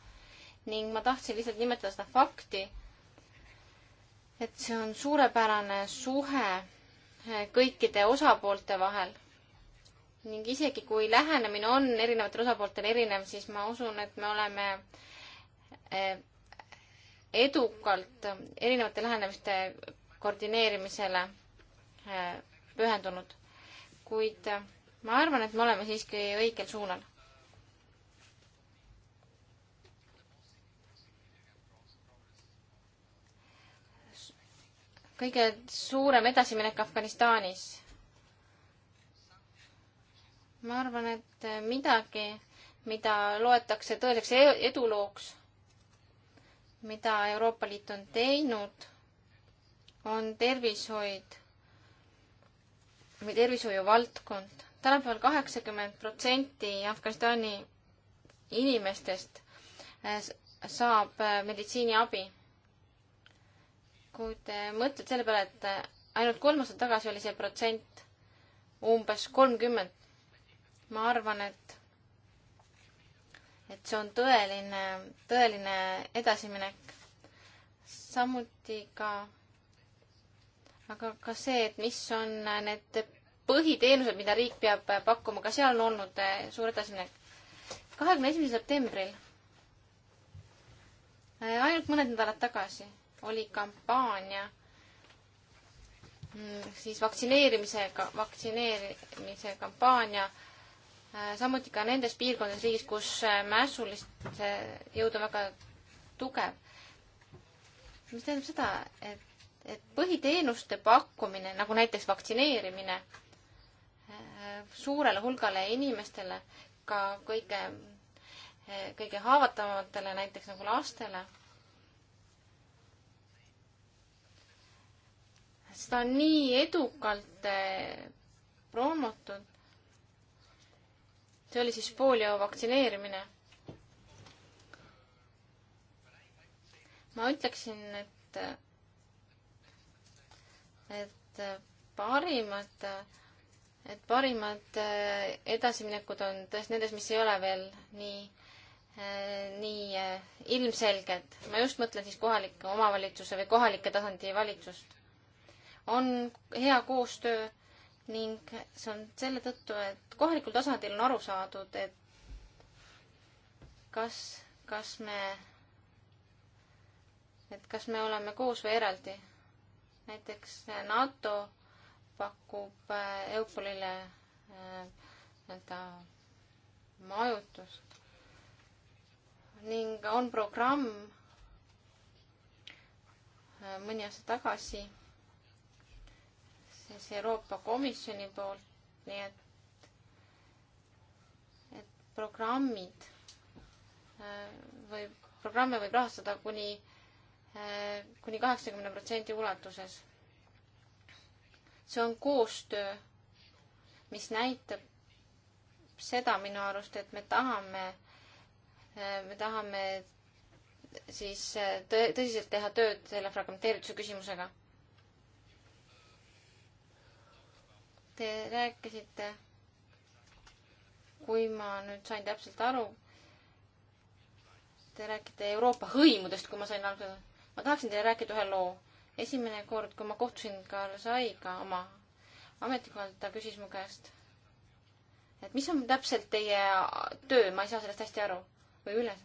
ning ma tahtsin lihtsalt nimetada seda fakti, et see on suurepärane suhe äh, kõikide osapoolte vahel ning isegi kui lähenemine on erinevatel osapooltel erinev, siis ma usun, et me oleme eh, edukalt erinevate lähenemiste koordineerimisele eh, pühendunud. kuid eh, ma arvan, et me oleme siiski õigel suunal. kõige suurem edasiminek Afganistanis ma arvan, et midagi, mida loetakse tõeliseks e-, edulooks, mida Euroopa Liit on teinud, on tervishoid või tervishoiuvaldkond. tänapäeval kaheksakümmend protsenti Afganistani inimestest äh, saab äh, meditsiiniabi. kui te mõtlete selle peale, et äh, ainult kolm aastat tagasi oli see protsent umbes kolmkümmend ma arvan, et, et see on tõeline, tõeline edasiminek. samuti ka, aga ka see, et mis on need põhiteenused, mida riik peab pakkuma, ka seal on olnud eh, suur edasiminek. kahekümne esimesel septembril, eh, ainult mõned nädalad tagasi, oli kampaania mm, siis vaktsineerimisega, vaktsineerimise kampaania Äh, samuti ka nendes piirkondades riigis, kus äh, mässulist jõud on väga tugev. mis tähendab seda, et, et põhiteenuste pakkumine, nagu näiteks vaktsineerimine äh, suurele hulgale inimestele, ka kõige, kõige haavatavamatele, näiteks nagu lastele, seda on nii edukalt promotud, see oli siis poolio vaktsineerimine. ma ütleksin, et, et parimad, et parimad edasiminekud on tõesti nendes, mis ei ole veel nii, nii ilmselged. ma just mõtlen siis kohaliku omavalitsuse või kohalike tasandi valitsust. on hea koostöö ning see on selle tõttu, et kohalikul tasandil on aru saadud, et kas, kas me, et kas me oleme koos või eraldi. näiteks eh, NATO pakub eh, Eupolile eh, nii-öelda majutust ning on programm mõni aasta tagasi siis Euroopa Komisjoni poolt, nii et, et programmid äh, või programme võib rahastada kuni, äh, kuni kaheksakümne protsendi ulatuses. see on koostöö, mis näitab seda minu arust, et me tahame, äh, me tahame siis tõ-, tõsiselt teha tööd selle fragmenteerituse küsimusega te rääkisite, kui ma nüüd sain täpselt aru, te räägite Euroopa hõimudest, kui ma sain aru. ma tahaksin teile rääkida ühe loo. esimene kord, kui ma kohtusin Karl Saiga oma ametikohalt, ta küsis mu käest, et mis on täpselt teie töö, ma ei saa sellest hästi aru või üle.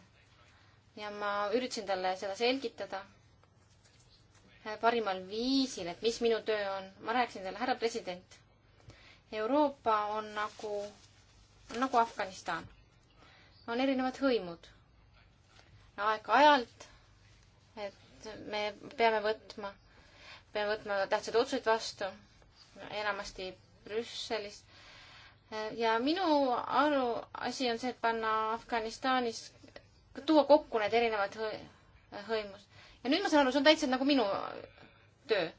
ja ma üritasin talle seda selgitada eh, parimal viisil, et mis minu töö on. ma rääkisin talle, härra president Euroopa on nagu, nagu Afganistan. on erinevad hõimud. aeg-ajalt, et me peame võtma, peame võtma tähtsaid otsuseid vastu, enamasti Brüsselis. ja minu aru, asi on see, et panna Afganistanis, tuua kokku need erinevad hõimud. ja nüüd ma saan aru, see on täitsa nagu minu töö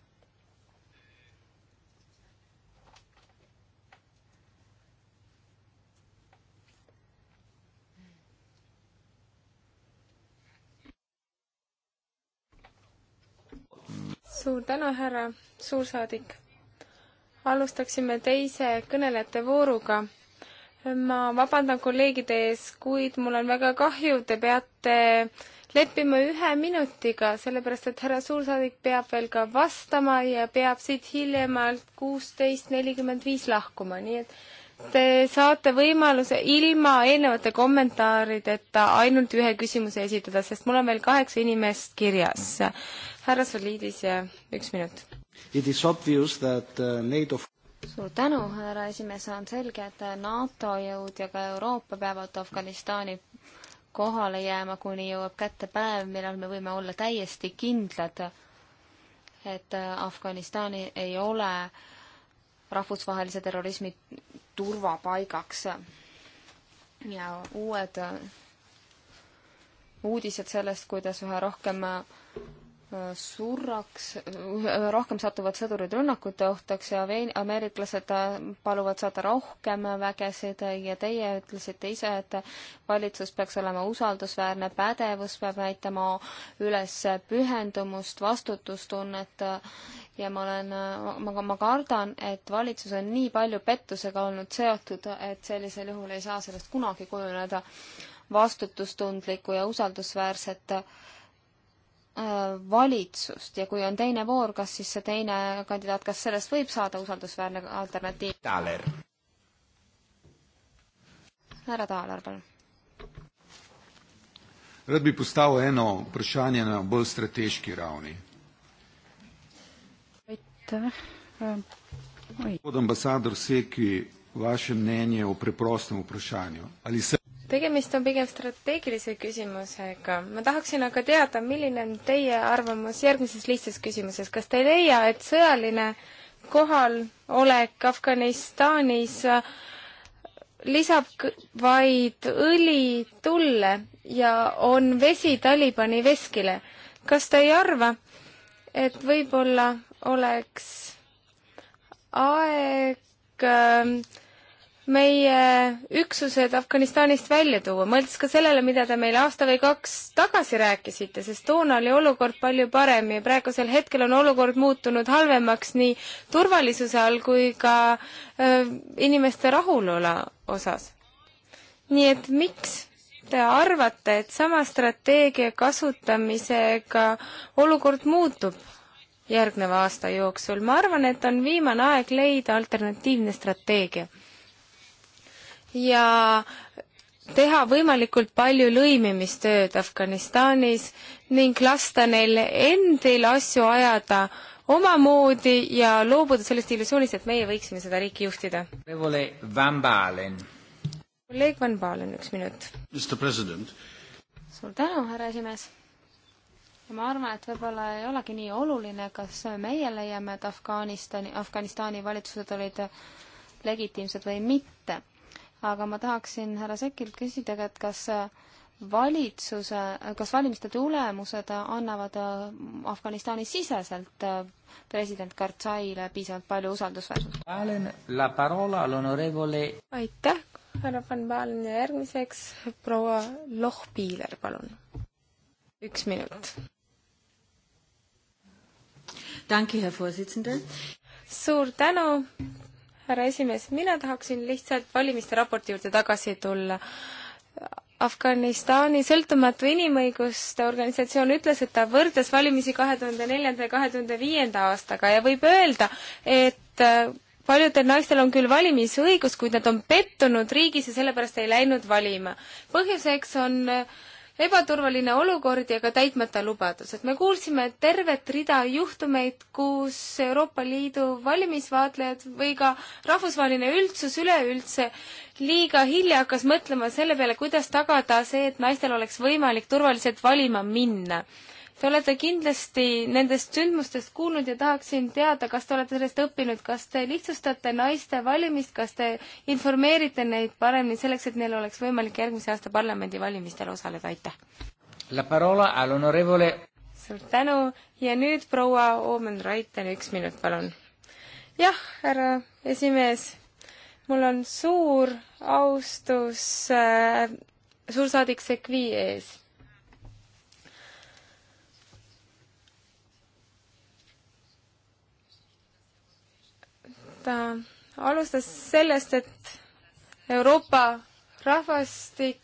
suur tänu, härra suursaadik. alustaksime teise kõnelejate vooruga. ma vabandan kolleegide ees, kuid mul on väga kahju, te peate leppima ühe minutiga, sellepärast et härra suursaadik peab veel ka vastama ja peab siit hiljemalt kuusteist nelikümmend viis lahkuma, nii et Te saate võimaluse ilma eelnevate kommentaarideta ainult ühe küsimuse esitada, sest mul on veel kaheksa inimest kirjas. härra Soliidis ja üks minut. Uh, NATO... suur tänu, härra esimees, on selge, et uh, NATO jõud ja ka Euroopa peavad Afganistani kohale jääma, kuni jõuab kätte päev, millal me võime olla täiesti kindlad, et uh, Afganistani ei ole rahvusvahelise terrorismi turvapaigaks. ja uued uudised sellest, kuidas üha rohkem äh, surraks, üha rohkem satuvad sõdurid rünnakute ohtaks ja veen-, ameeriklased äh, paluvad saada rohkem vägesid ja teie ütlesite ise, et valitsus peaks olema usaldusväärne, pädevus peab näitama üles pühendumust, vastutustunnet ja ma olen, ma, ma kardan, et valitsus on nii palju pettusega olnud seotud, et sellisel juhul ei saa sellest kunagi kujuneda vastutustundlikku ja usaldusväärset äh, valitsust ja kui on teine voor, kas siis see teine kandidaat, kas sellest võib saada usaldusväärne alternatiiv? Taaler. härra Taaler, palun. Rad bi postavil eno vprašanje na bolj strateški ravni aitäh. Uh, Gospod ambasador Seki, vaše mnenje o preprostem vprašanju. Ali se... tegemist on pigem strateegilise küsimusega. ma tahaksin aga teada, milline on teie arvamus järgmises lihtsas küsimuses. kas te ei leia, et sõjaline kohalolek Afganistanis lisab vaid õli tulle ja on vesi Talibani veskile? kas te ei arva, et võib-olla oleks aeg ähm, meie üksused Afganistanist välja tuua, mõeldes ka sellele, mida te meile aasta või kaks tagasi rääkisite, sest toona oli olukord palju parem ja praegusel hetkel on olukord muutunud halvemaks nii turvalisuse all kui ka öö, ähm, inimeste rahulolu osas. nii et miks te arvate, et sama strateegia kasutamisega olukord muutub järgneva aasta jooksul. ma arvan, et on viimane aeg leida alternatiivne strateegia. ja teha võimalikult palju lõimimistööd Afganistanis ning lasta neil endil asju ajada omamoodi ja loobuda sellest illusioonist, et meie võiksime seda riiki juhtida. kolleeg Van Balen, üks minut. suur tänu, härra esimees ma arvan, et võib-olla ei olegi nii oluline, kas meie leiame, et Afganistani, Afganistani valitsused olid legitiimsed või mitte. aga ma tahaksin härra Sekilt küsida, et kas valitsuse, kas valimiste tulemused annavad Afganistani siseselt president Karzaile piisavalt palju usaldusväärsust? aitäh, härra Van Balen ja järgmiseks proua Lohpiiler, palun. üks minut suur tänu, härra esimees, mina tahaksin lihtsalt valimiste raporti juurde tagasi tulla. Afganistani sõltumatu inimõiguste organisatsioon ütles, et ta võrdles valimisi kahe tuhande neljanda ja kahe tuhande viienda aastaga ja võib öelda, et äh, paljudel naistel on küll valimisõigus, kuid nad on pettunud riigis ja sellepärast ei läinud valima. põhjuseks on äh, ebaturvaline olukord ja ka täitmata lubadused. me kuulsime tervet rida juhtumeid, kus Euroopa Liidu valimisvaatlejad või ka rahvusvaheline üldsus üleüldse liiga hilja hakkas mõtlema selle peale, kuidas tagada see, et naistel oleks võimalik turvaliselt valima minna Te olete kindlasti nendest sündmustest kuulnud ja tahaksin teada, kas te olete sellest õppinud, kas te lihtsustate naiste valimist, kas te informeerite neid paremini selleks, et neil oleks võimalik järgmise aasta parlamendivalimistel osaleda, aitäh! suur tänu ja nüüd proua Oomen Raiten, üks minut, palun. jah, härra esimees, mul on suur austus äh, suursaadik Sekvi ees ta alustas sellest, et Euroopa rahvastik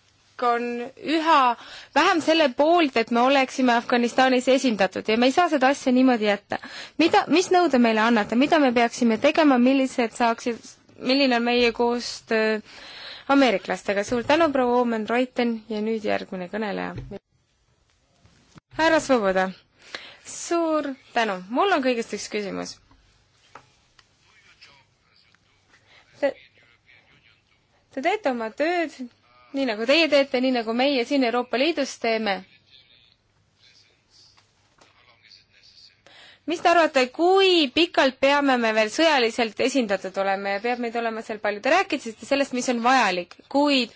on üha vähem selle poolt, et me oleksime Afganistanis esindatud ja me ei saa seda asja niimoodi jätta. mida, mis nõude meile annate, mida me peaksime tegema, millised saaksid, milline on meie koostöö ameeriklastega, suur tänu, proua Oomen Reuten ja nüüd järgmine kõneleja. härra Svoboda, suur tänu, mul on kõigest üks küsimus Te teete oma tööd nii nagu teie teete, nii nagu meie siin Euroopa Liidus teeme. mis te arvate, kui pikalt peame me veel sõjaliselt esindatud olema ja peab meid olema seal palju? Te rääkisite sellest, mis on vajalik, kuid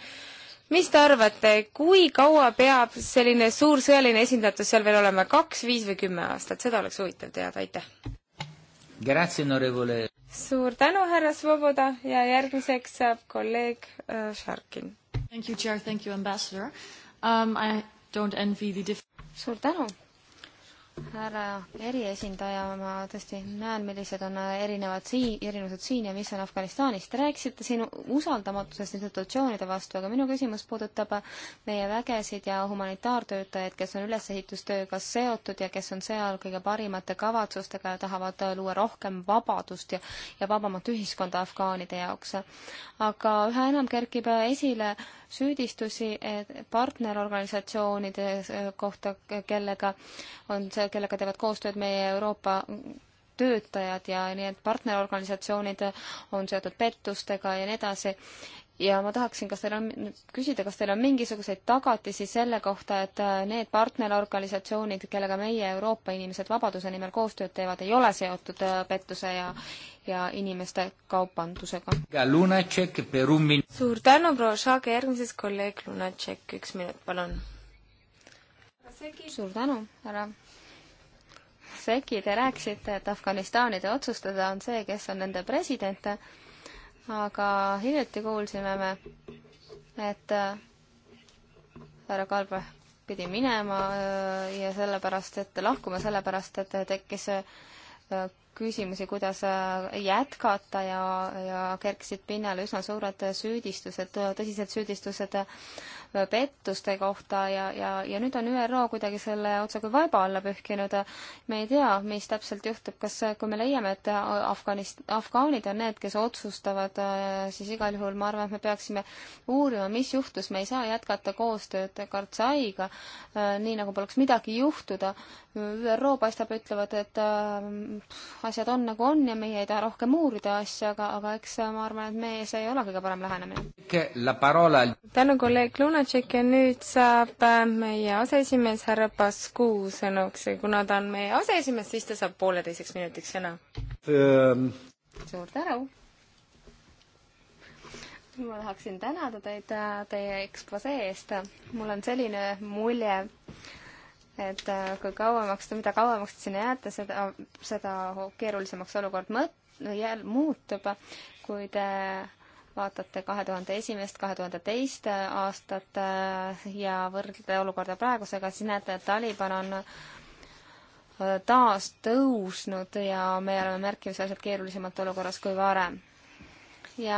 mis te arvate, kui kaua peab selline suur sõjaline esindatus seal veel olema, kaks, viis või kümme aastat, seda oleks huvitav teada, aitäh suur tänu, härra Svoboda ja järgmiseks saab kolleeg äh, Sharkin. Thank you, chair, thank you, ambassador um,. I don't envy the diff-. suur tänu härra eriesindaja, ma tõesti näen, millised on äh, erinevad sii-, erinevused siin ja mis on Afganistanis. Te rääkisite siin usaldamatusest institutsioonide vastu, aga minu küsimus puudutab äh, meie vägesid ja humanitaartöötajaid, kes on ülesehitustööga seotud ja kes on seal kõige parimate kavatsustega ja tahavad äh, luua rohkem vabadust ja, ja vabamat ühiskonda afgaanide jaoks. aga üha enam kerkib esile süüdistusi partnerorganisatsioonide eh, kohta, kellega on see, kellega teevad koostööd meie Euroopa töötajad ja nii, et partnerorganisatsioonid on seotud pettustega ja nii edasi ja ma tahaksin, kas teil on, küsida, kas teil on mingisuguseid tagatisi selle kohta, et äh, need partnerorganisatsioonid, kellega meie, Euroopa inimesed, vabaduse nimel koostööd teevad, ei ole seotud äh, pettuse ja ja inimeste kaubandusega. suur tänu, proua Šaage, järgmises kolleeg Lunatšek, üks minut, palun. suur tänu, härra Seki, te rääkisite, et Afganistanide otsustada on see, kes on nende president aga hiljuti kuulsime me, et äh, härra Kalve pidi minema äh, ja sellepärast, et lahkuma sellepärast, et tekkis äh, küsimusi, kuidas jätkata ja, ja kerkisid pinnale üsna suured süüdistused, tõsised süüdistused pettuste kohta ja, ja, ja nüüd on ÜRO kuidagi selle otsekui vaiba alla pühkinud. me ei tea, mis täpselt juhtub, kas, kui me leiame, et Afganist-, afgaanid on need, kes otsustavad, äh, siis igal juhul ma arvan, et me peaksime uurima, mis juhtus, me ei saa jätkata koostööd Karzaiga, äh, nii nagu poleks midagi juhtuda ÜRO paistab, ütlevad, et äh, asjad on nagu on ja meie ei taha rohkem uurida asja, aga, aga eks äh, ma arvan, et meie, see ei ole kõige parem lähenemine. tänu kolleeg Lunatšek ja nüüd saab äh, meie aseesimees härra Pasku sõnuks ja kuna ta on meie aseesimees, siis ta saab pooleteiseks minutiks sõna ähm.. suur tänu! ma tahaksin tänada teid äh, teie ekspose eest. mul on selline mulje, et äh, kui kauemaks, mida kauemaks te sinna jääte, seda, seda keerulisemaks olukord mõt-, jälle muutub, kui te vaatate kahe tuhande esimest, kahe tuhande teist äh, aastat äh, ja võrdlete olukorda praegusega, siis näete, et Taliban on taas tõusnud ja me oleme märkimisväärselt keerulisemalt olukorras kui varem. ja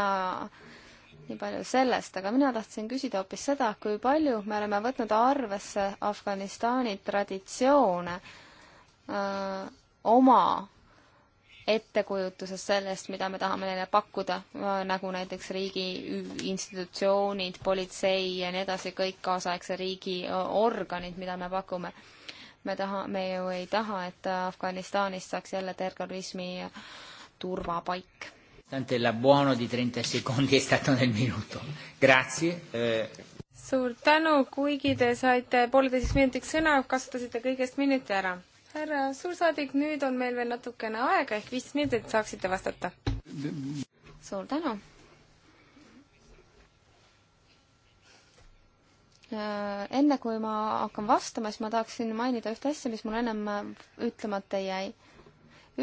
nii palju sellest, aga mina tahtsin küsida hoopis seda, kui palju me oleme võtnud arvesse Afganistani traditsioone öö, äh, oma ettekujutuses sellest, mida me tahame neile pakkuda, äh, nagu näiteks riigi institutsioonid, politsei ja nii edasi, kõik kaasaegse riigi äh, organid, mida me pakume. me taha, me ju ei taha, et Afganistanist saaks jälle terrorismi turvapaik Tante l'abbuono di 30 secondi è stato nel minuto. Grazie eh.... suur tänu, kuigi te saite pooleteiseks minutiks sõna, kasutasite kõigest minuti ära. härra suursaadik, nüüd on meil veel natukene aega ehk viis minutit saaksite vastata. suur tänu. enne kui ma hakkan vastama, siis ma tahaksin mainida ühte asja, mis mul ennem ütlemata jäi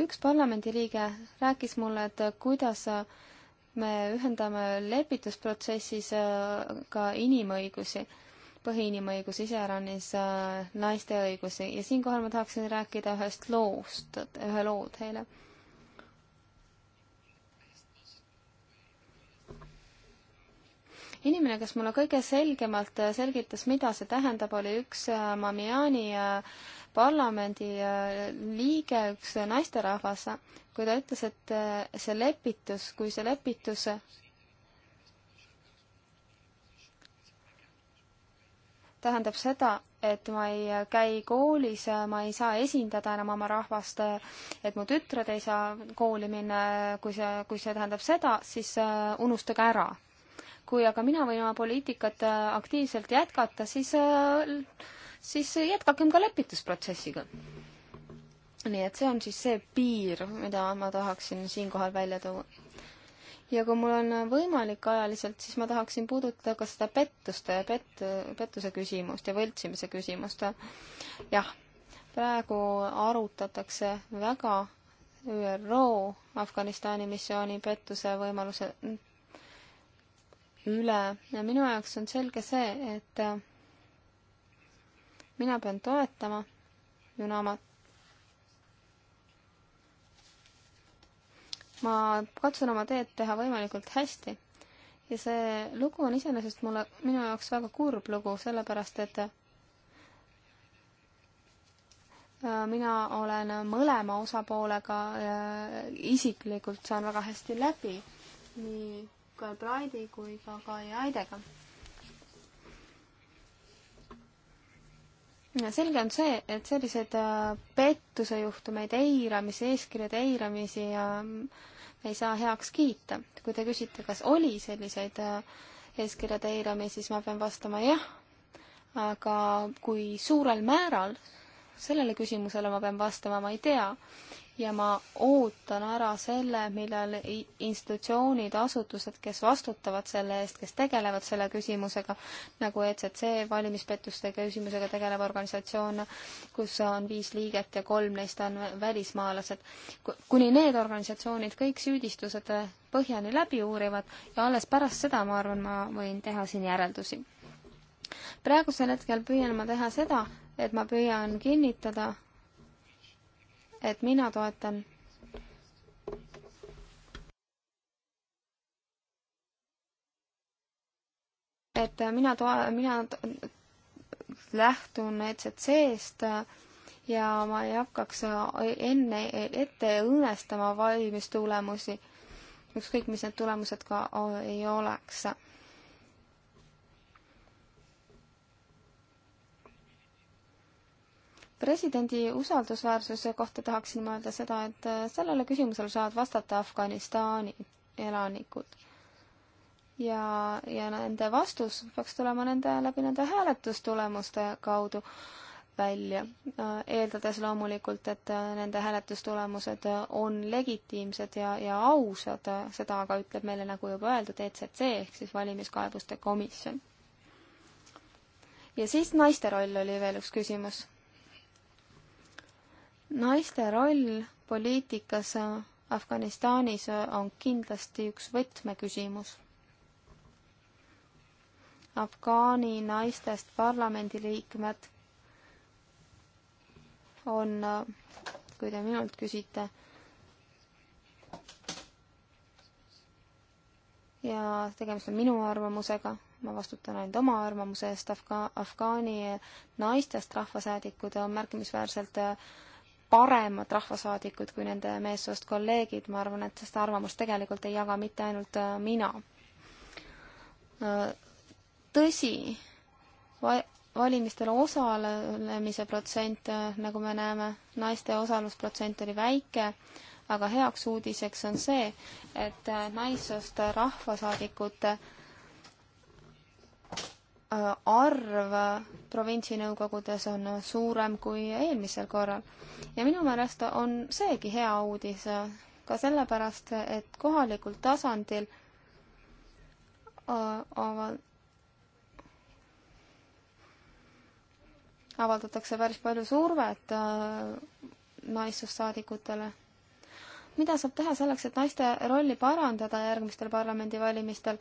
üks parlamendiliige rääkis mulle, et kuidas me ühendame lepitusprotsessis äh, ka inimõigusi, põhiinimõigusi, iseäranis äh, naiste õigusi ja siinkohal ma tahaksin rääkida ühest loost, ühe loo teile. inimene, kes mulle kõige selgemalt selgitas, mida see tähendab, oli üks äh, Mamiani äh, parlamendi äh, liige, üks naisterahvas, kui ta ütles, et äh, see lepitus, kui see lepitus tähendab seda, et ma ei käi koolis, ma ei saa esindada enam oma rahvast, et mu tütred ei saa kooli minna, kui see, kui see tähendab seda, siis äh, unustage ära. kui aga mina võin oma poliitikat aktiivselt jätkata, siis siis jätkakem ka lepitusprotsessiga. nii et see on siis see piir, mida ma tahaksin siinkohal välja tuua. ja kui mul on võimalik ajaliselt, siis ma tahaksin puudutada ka seda pettuste, pett-, pettuse küsimust ja võltsimise küsimust. jah, praegu arutatakse väga ÜRO Afganistani missiooni pettuse võimaluse üle ja minu jaoks on selge see, et mina pean toetama Junamat. ma katsun oma teed teha võimalikult hästi ja see lugu on iseenesest mulle, minu jaoks väga kurb lugu, sellepärast et äh, mina olen mõlema osapoolega äh, isiklikult saan väga hästi läbi, nii Galbraidi kui ka Kai Aidega. selge on see, et sellised äh, pettuse juhtumeid, eiramisi, eeskirjade eiramisi mm, ei saa heaks kiita. kui te küsite, kas oli selliseid äh, eeskirjade eiramisi, siis ma pean vastama jah. aga kui suurel määral, sellele küsimusele ma pean vastama, ma ei tea ja ma ootan ära selle, millal institutsioonid, asutused, kes vastutavad selle eest, kes tegelevad selle küsimusega, nagu ECC valimispettuste küsimusega tegelev organisatsioon, kus on viis liiget ja kolm neist on välismaalased, kuni need organisatsioonid kõik süüdistused põhjani läbi uurivad ja alles pärast seda, ma arvan, ma võin teha siin järeldusi praegusel hetkel püüan ma teha seda, et ma püüan kinnitada et mina toetan et mina toa-, mina to lähtun ECC-st ja ma ei hakkaks enne, ette õõnestama valimistulemusi, ükskõik mis need tulemused ka ei oleks presidendi usaldusväärsuse kohta tahaksin ma öelda seda, et äh, sellele küsimusele saavad vastata Afganistani elanikud. ja, ja nende vastus peaks tulema nende, läbi nende hääletustulemuste kaudu välja, äh, eeldades loomulikult, et äh, nende hääletustulemused on legitiimsed ja, ja ausad, seda aga ütleb meile, nagu juba öeldud, ECC ehk siis valimiskaebuste komisjon. ja siis naiste roll oli veel üks küsimus naiste roll poliitikas Afganistanis on kindlasti üks võtmeküsimus. Afgaani naistest parlamendiliikmed on, kui te minult küsite, ja tegemist on minu arvamusega, ma vastutan ainult oma arvamuse eest, Afga-, Afgaani naistest rahvasaadikud on märkimisväärselt paremad rahvasaadikud kui nende meessoost kolleegid, ma arvan, et seda arvamust tegelikult ei jaga mitte ainult äh, mina. Äh, tõsi, valimistel osalemise protsent, äh, nagu me näeme, naiste osalusprotsent oli väike, aga heaks uudiseks on see, et naissoost rahvasaadikute arv provintsinõukogudes on suurem kui eelmisel korral. ja minu meelest on seegi hea uudis ka sellepärast, et kohalikul tasandil äh, avaldatakse päris palju survet äh, naissoost saadikutele. mida saab teha selleks, et naiste rolli parandada järgmistel parlamendivalimistel?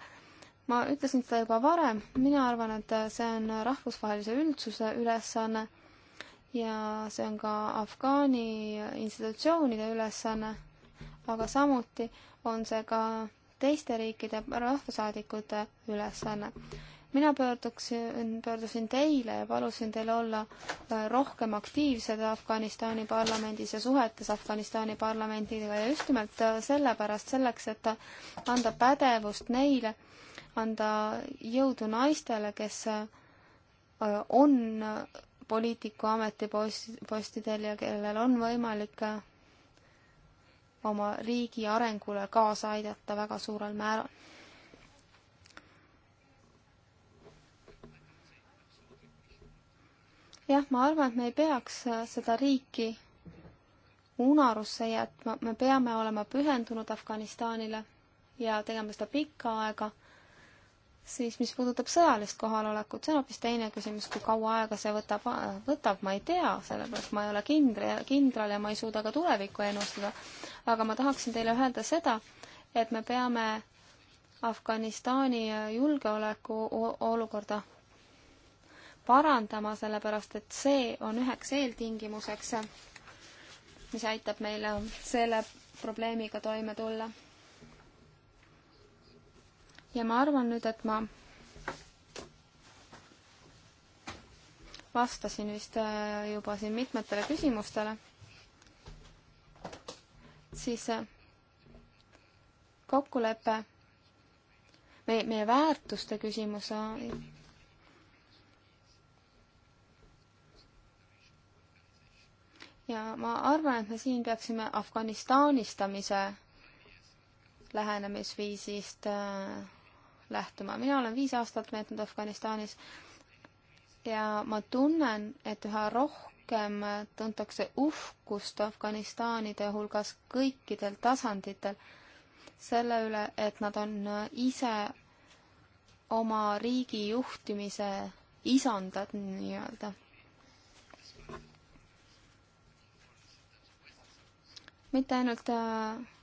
ma ütlesin seda juba varem, mina arvan, et see on rahvusvahelise üldsuse ülesanne ja see on ka Afgaani institutsioonide ülesanne, aga samuti on see ka teiste riikide rahvasaadikute ülesanne. mina pöörduksin, pöördusin teile ja palusin teil olla äh, rohkem aktiivsed Afganistani parlamendis ja suhetes Afganistani parlamendiga ja just nimelt äh, sellepärast, selleks, et anda pädevust neile, anda jõudu naistele, kes on poliitiku ametipostidel ja kellel on võimalik oma riigi arengule kaasa aidata väga suurel määral. jah, ma arvan, et me ei peaks seda riiki unarusse jätma, me peame olema pühendunud Afganistanile ja tegema seda pikka aega siis mis puudutab sõjalist kohalolekut, see on hoopis teine küsimus, kui kaua aega see võtab, võtab, ma ei tea, sellepärast ma ei ole kindral, kindral ja ma ei suuda ka tulevikku ennustada. aga ma tahaksin teile öelda seda, et me peame Afganistani julgeoleku olukorda parandama, sellepärast et see on üheks eeltingimuseks, mis aitab meil selle probleemiga toime tulla ja ma arvan nüüd, et ma vastasin vist äh, juba siin mitmetele küsimustele. siis äh, kokkulepe, meie, meie väärtuste küsimus äh, ja ma arvan, et me siin peaksime Afganistanistamise lähenemisviisist äh, lähtuma. mina olen viis aastat veetnud Afganistanis ja ma tunnen, et üha rohkem tuntakse uhkust Afganistanide hulgas kõikidel tasanditel selle üle, et nad on ise oma riigi juhtimise isandad nii-öelda. mitte ainult äh,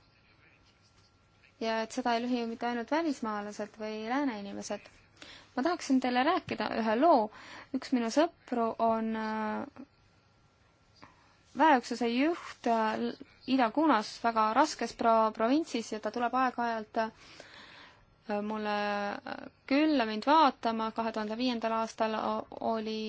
ja et seda ei lühi mitte ainult välismaalased või lääne inimesed. ma tahaksin teile rääkida ühe loo. üks minu sõpru on äh, väeüksuse juht äh, Ida-Kunas väga raskes pro-, provintsis ja ta tuleb aeg-ajalt äh, mulle külla mind vaatama, kahe tuhande viiendal aastal oli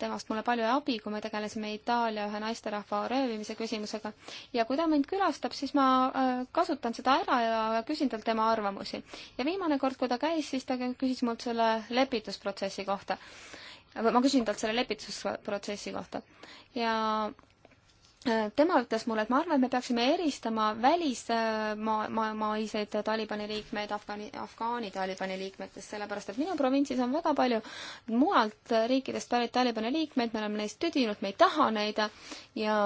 temast mulle palju abi, kui me tegelesime Itaalia ühe naisterahva röövimise küsimusega. ja kui ta mind külastab, siis ma äh, kasutan seda ära ja küsin talt tema arvamusi. ja viimane kord, kui ta käis, siis ta küsis mult selle lepitusprotsessi kohta. ma küsin talt selle lepitusprotsessi kohta. ja Äh, tema ütles mulle, et ma arvan, et me peaksime eristama välismaiseid äh, Talibani liikmeid Afgani, Afgaani Talibani liikmetest, sellepärast et minu provintsis on väga palju mujalt riikidest pärit Talibani liikmeid, me oleme neist tüdinud, me ei taha neid ja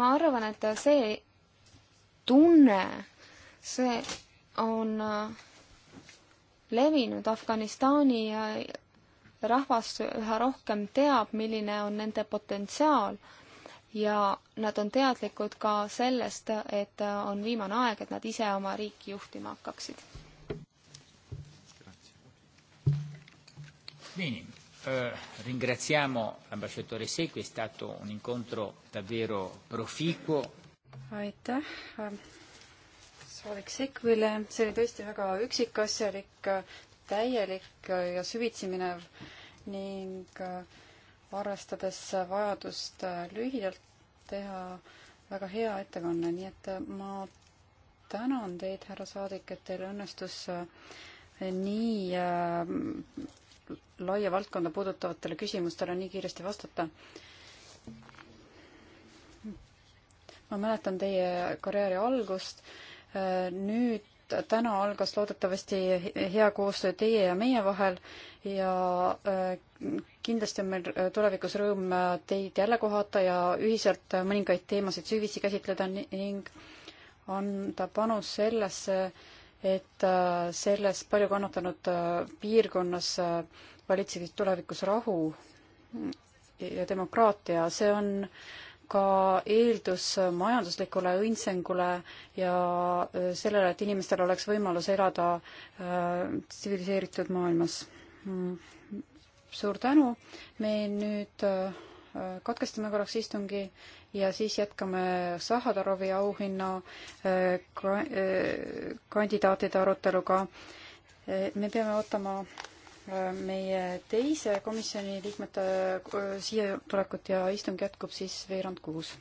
ma arvan, et see tunne, see on äh, levinud Afganistani ja rahvas üha rohkem teab, milline on nende potentsiaal ja nad on teadlikud ka sellest, et on viimane aeg, et nad ise oma riiki juhtima hakkaksid. Bene, eh, ringraziamo l'ambasciatore Secchi, è stato un incontro davvero proficuo. aitäh eh, saadik Sekvile, see oli tõesti väga üksikasjalik eh, täielik ja süvitsi minev ning arvestades vajadust lühidalt teha väga hea ettekanne, nii et ma tänan teid, härra saadik, et teil õnnestus nii äh, laia valdkonda puudutavatele küsimustele nii kiiresti vastata. ma mäletan teie karjääri algust, äh, nüüd et täna algas loodetavasti hea koostöö teie ja meie vahel ja äh, kindlasti on meil äh, tulevikus rõõm äh, teid jälle kohata ja ühiselt mõningaid teemasid süvitsi käsitleda ning anda panus sellesse, et selles palju kannatanud piirkonnas valitseks tulevikus rahu ja demokraatia. see on ka eeldus majanduslikule õnnsengule ja äh, sellele, et inimestel oleks võimalus elada äh, tsiviliseeritud maailmas. Mm, suur tänu, me nüüd äh, katkestame korraks istungi ja siis jätkame Sahhadarovi auhinna kandidaatide aruteluga. me peame ootama meie teise komisjoni liikmete äh, siia tulekut ja istung jätkub siis veerand kuus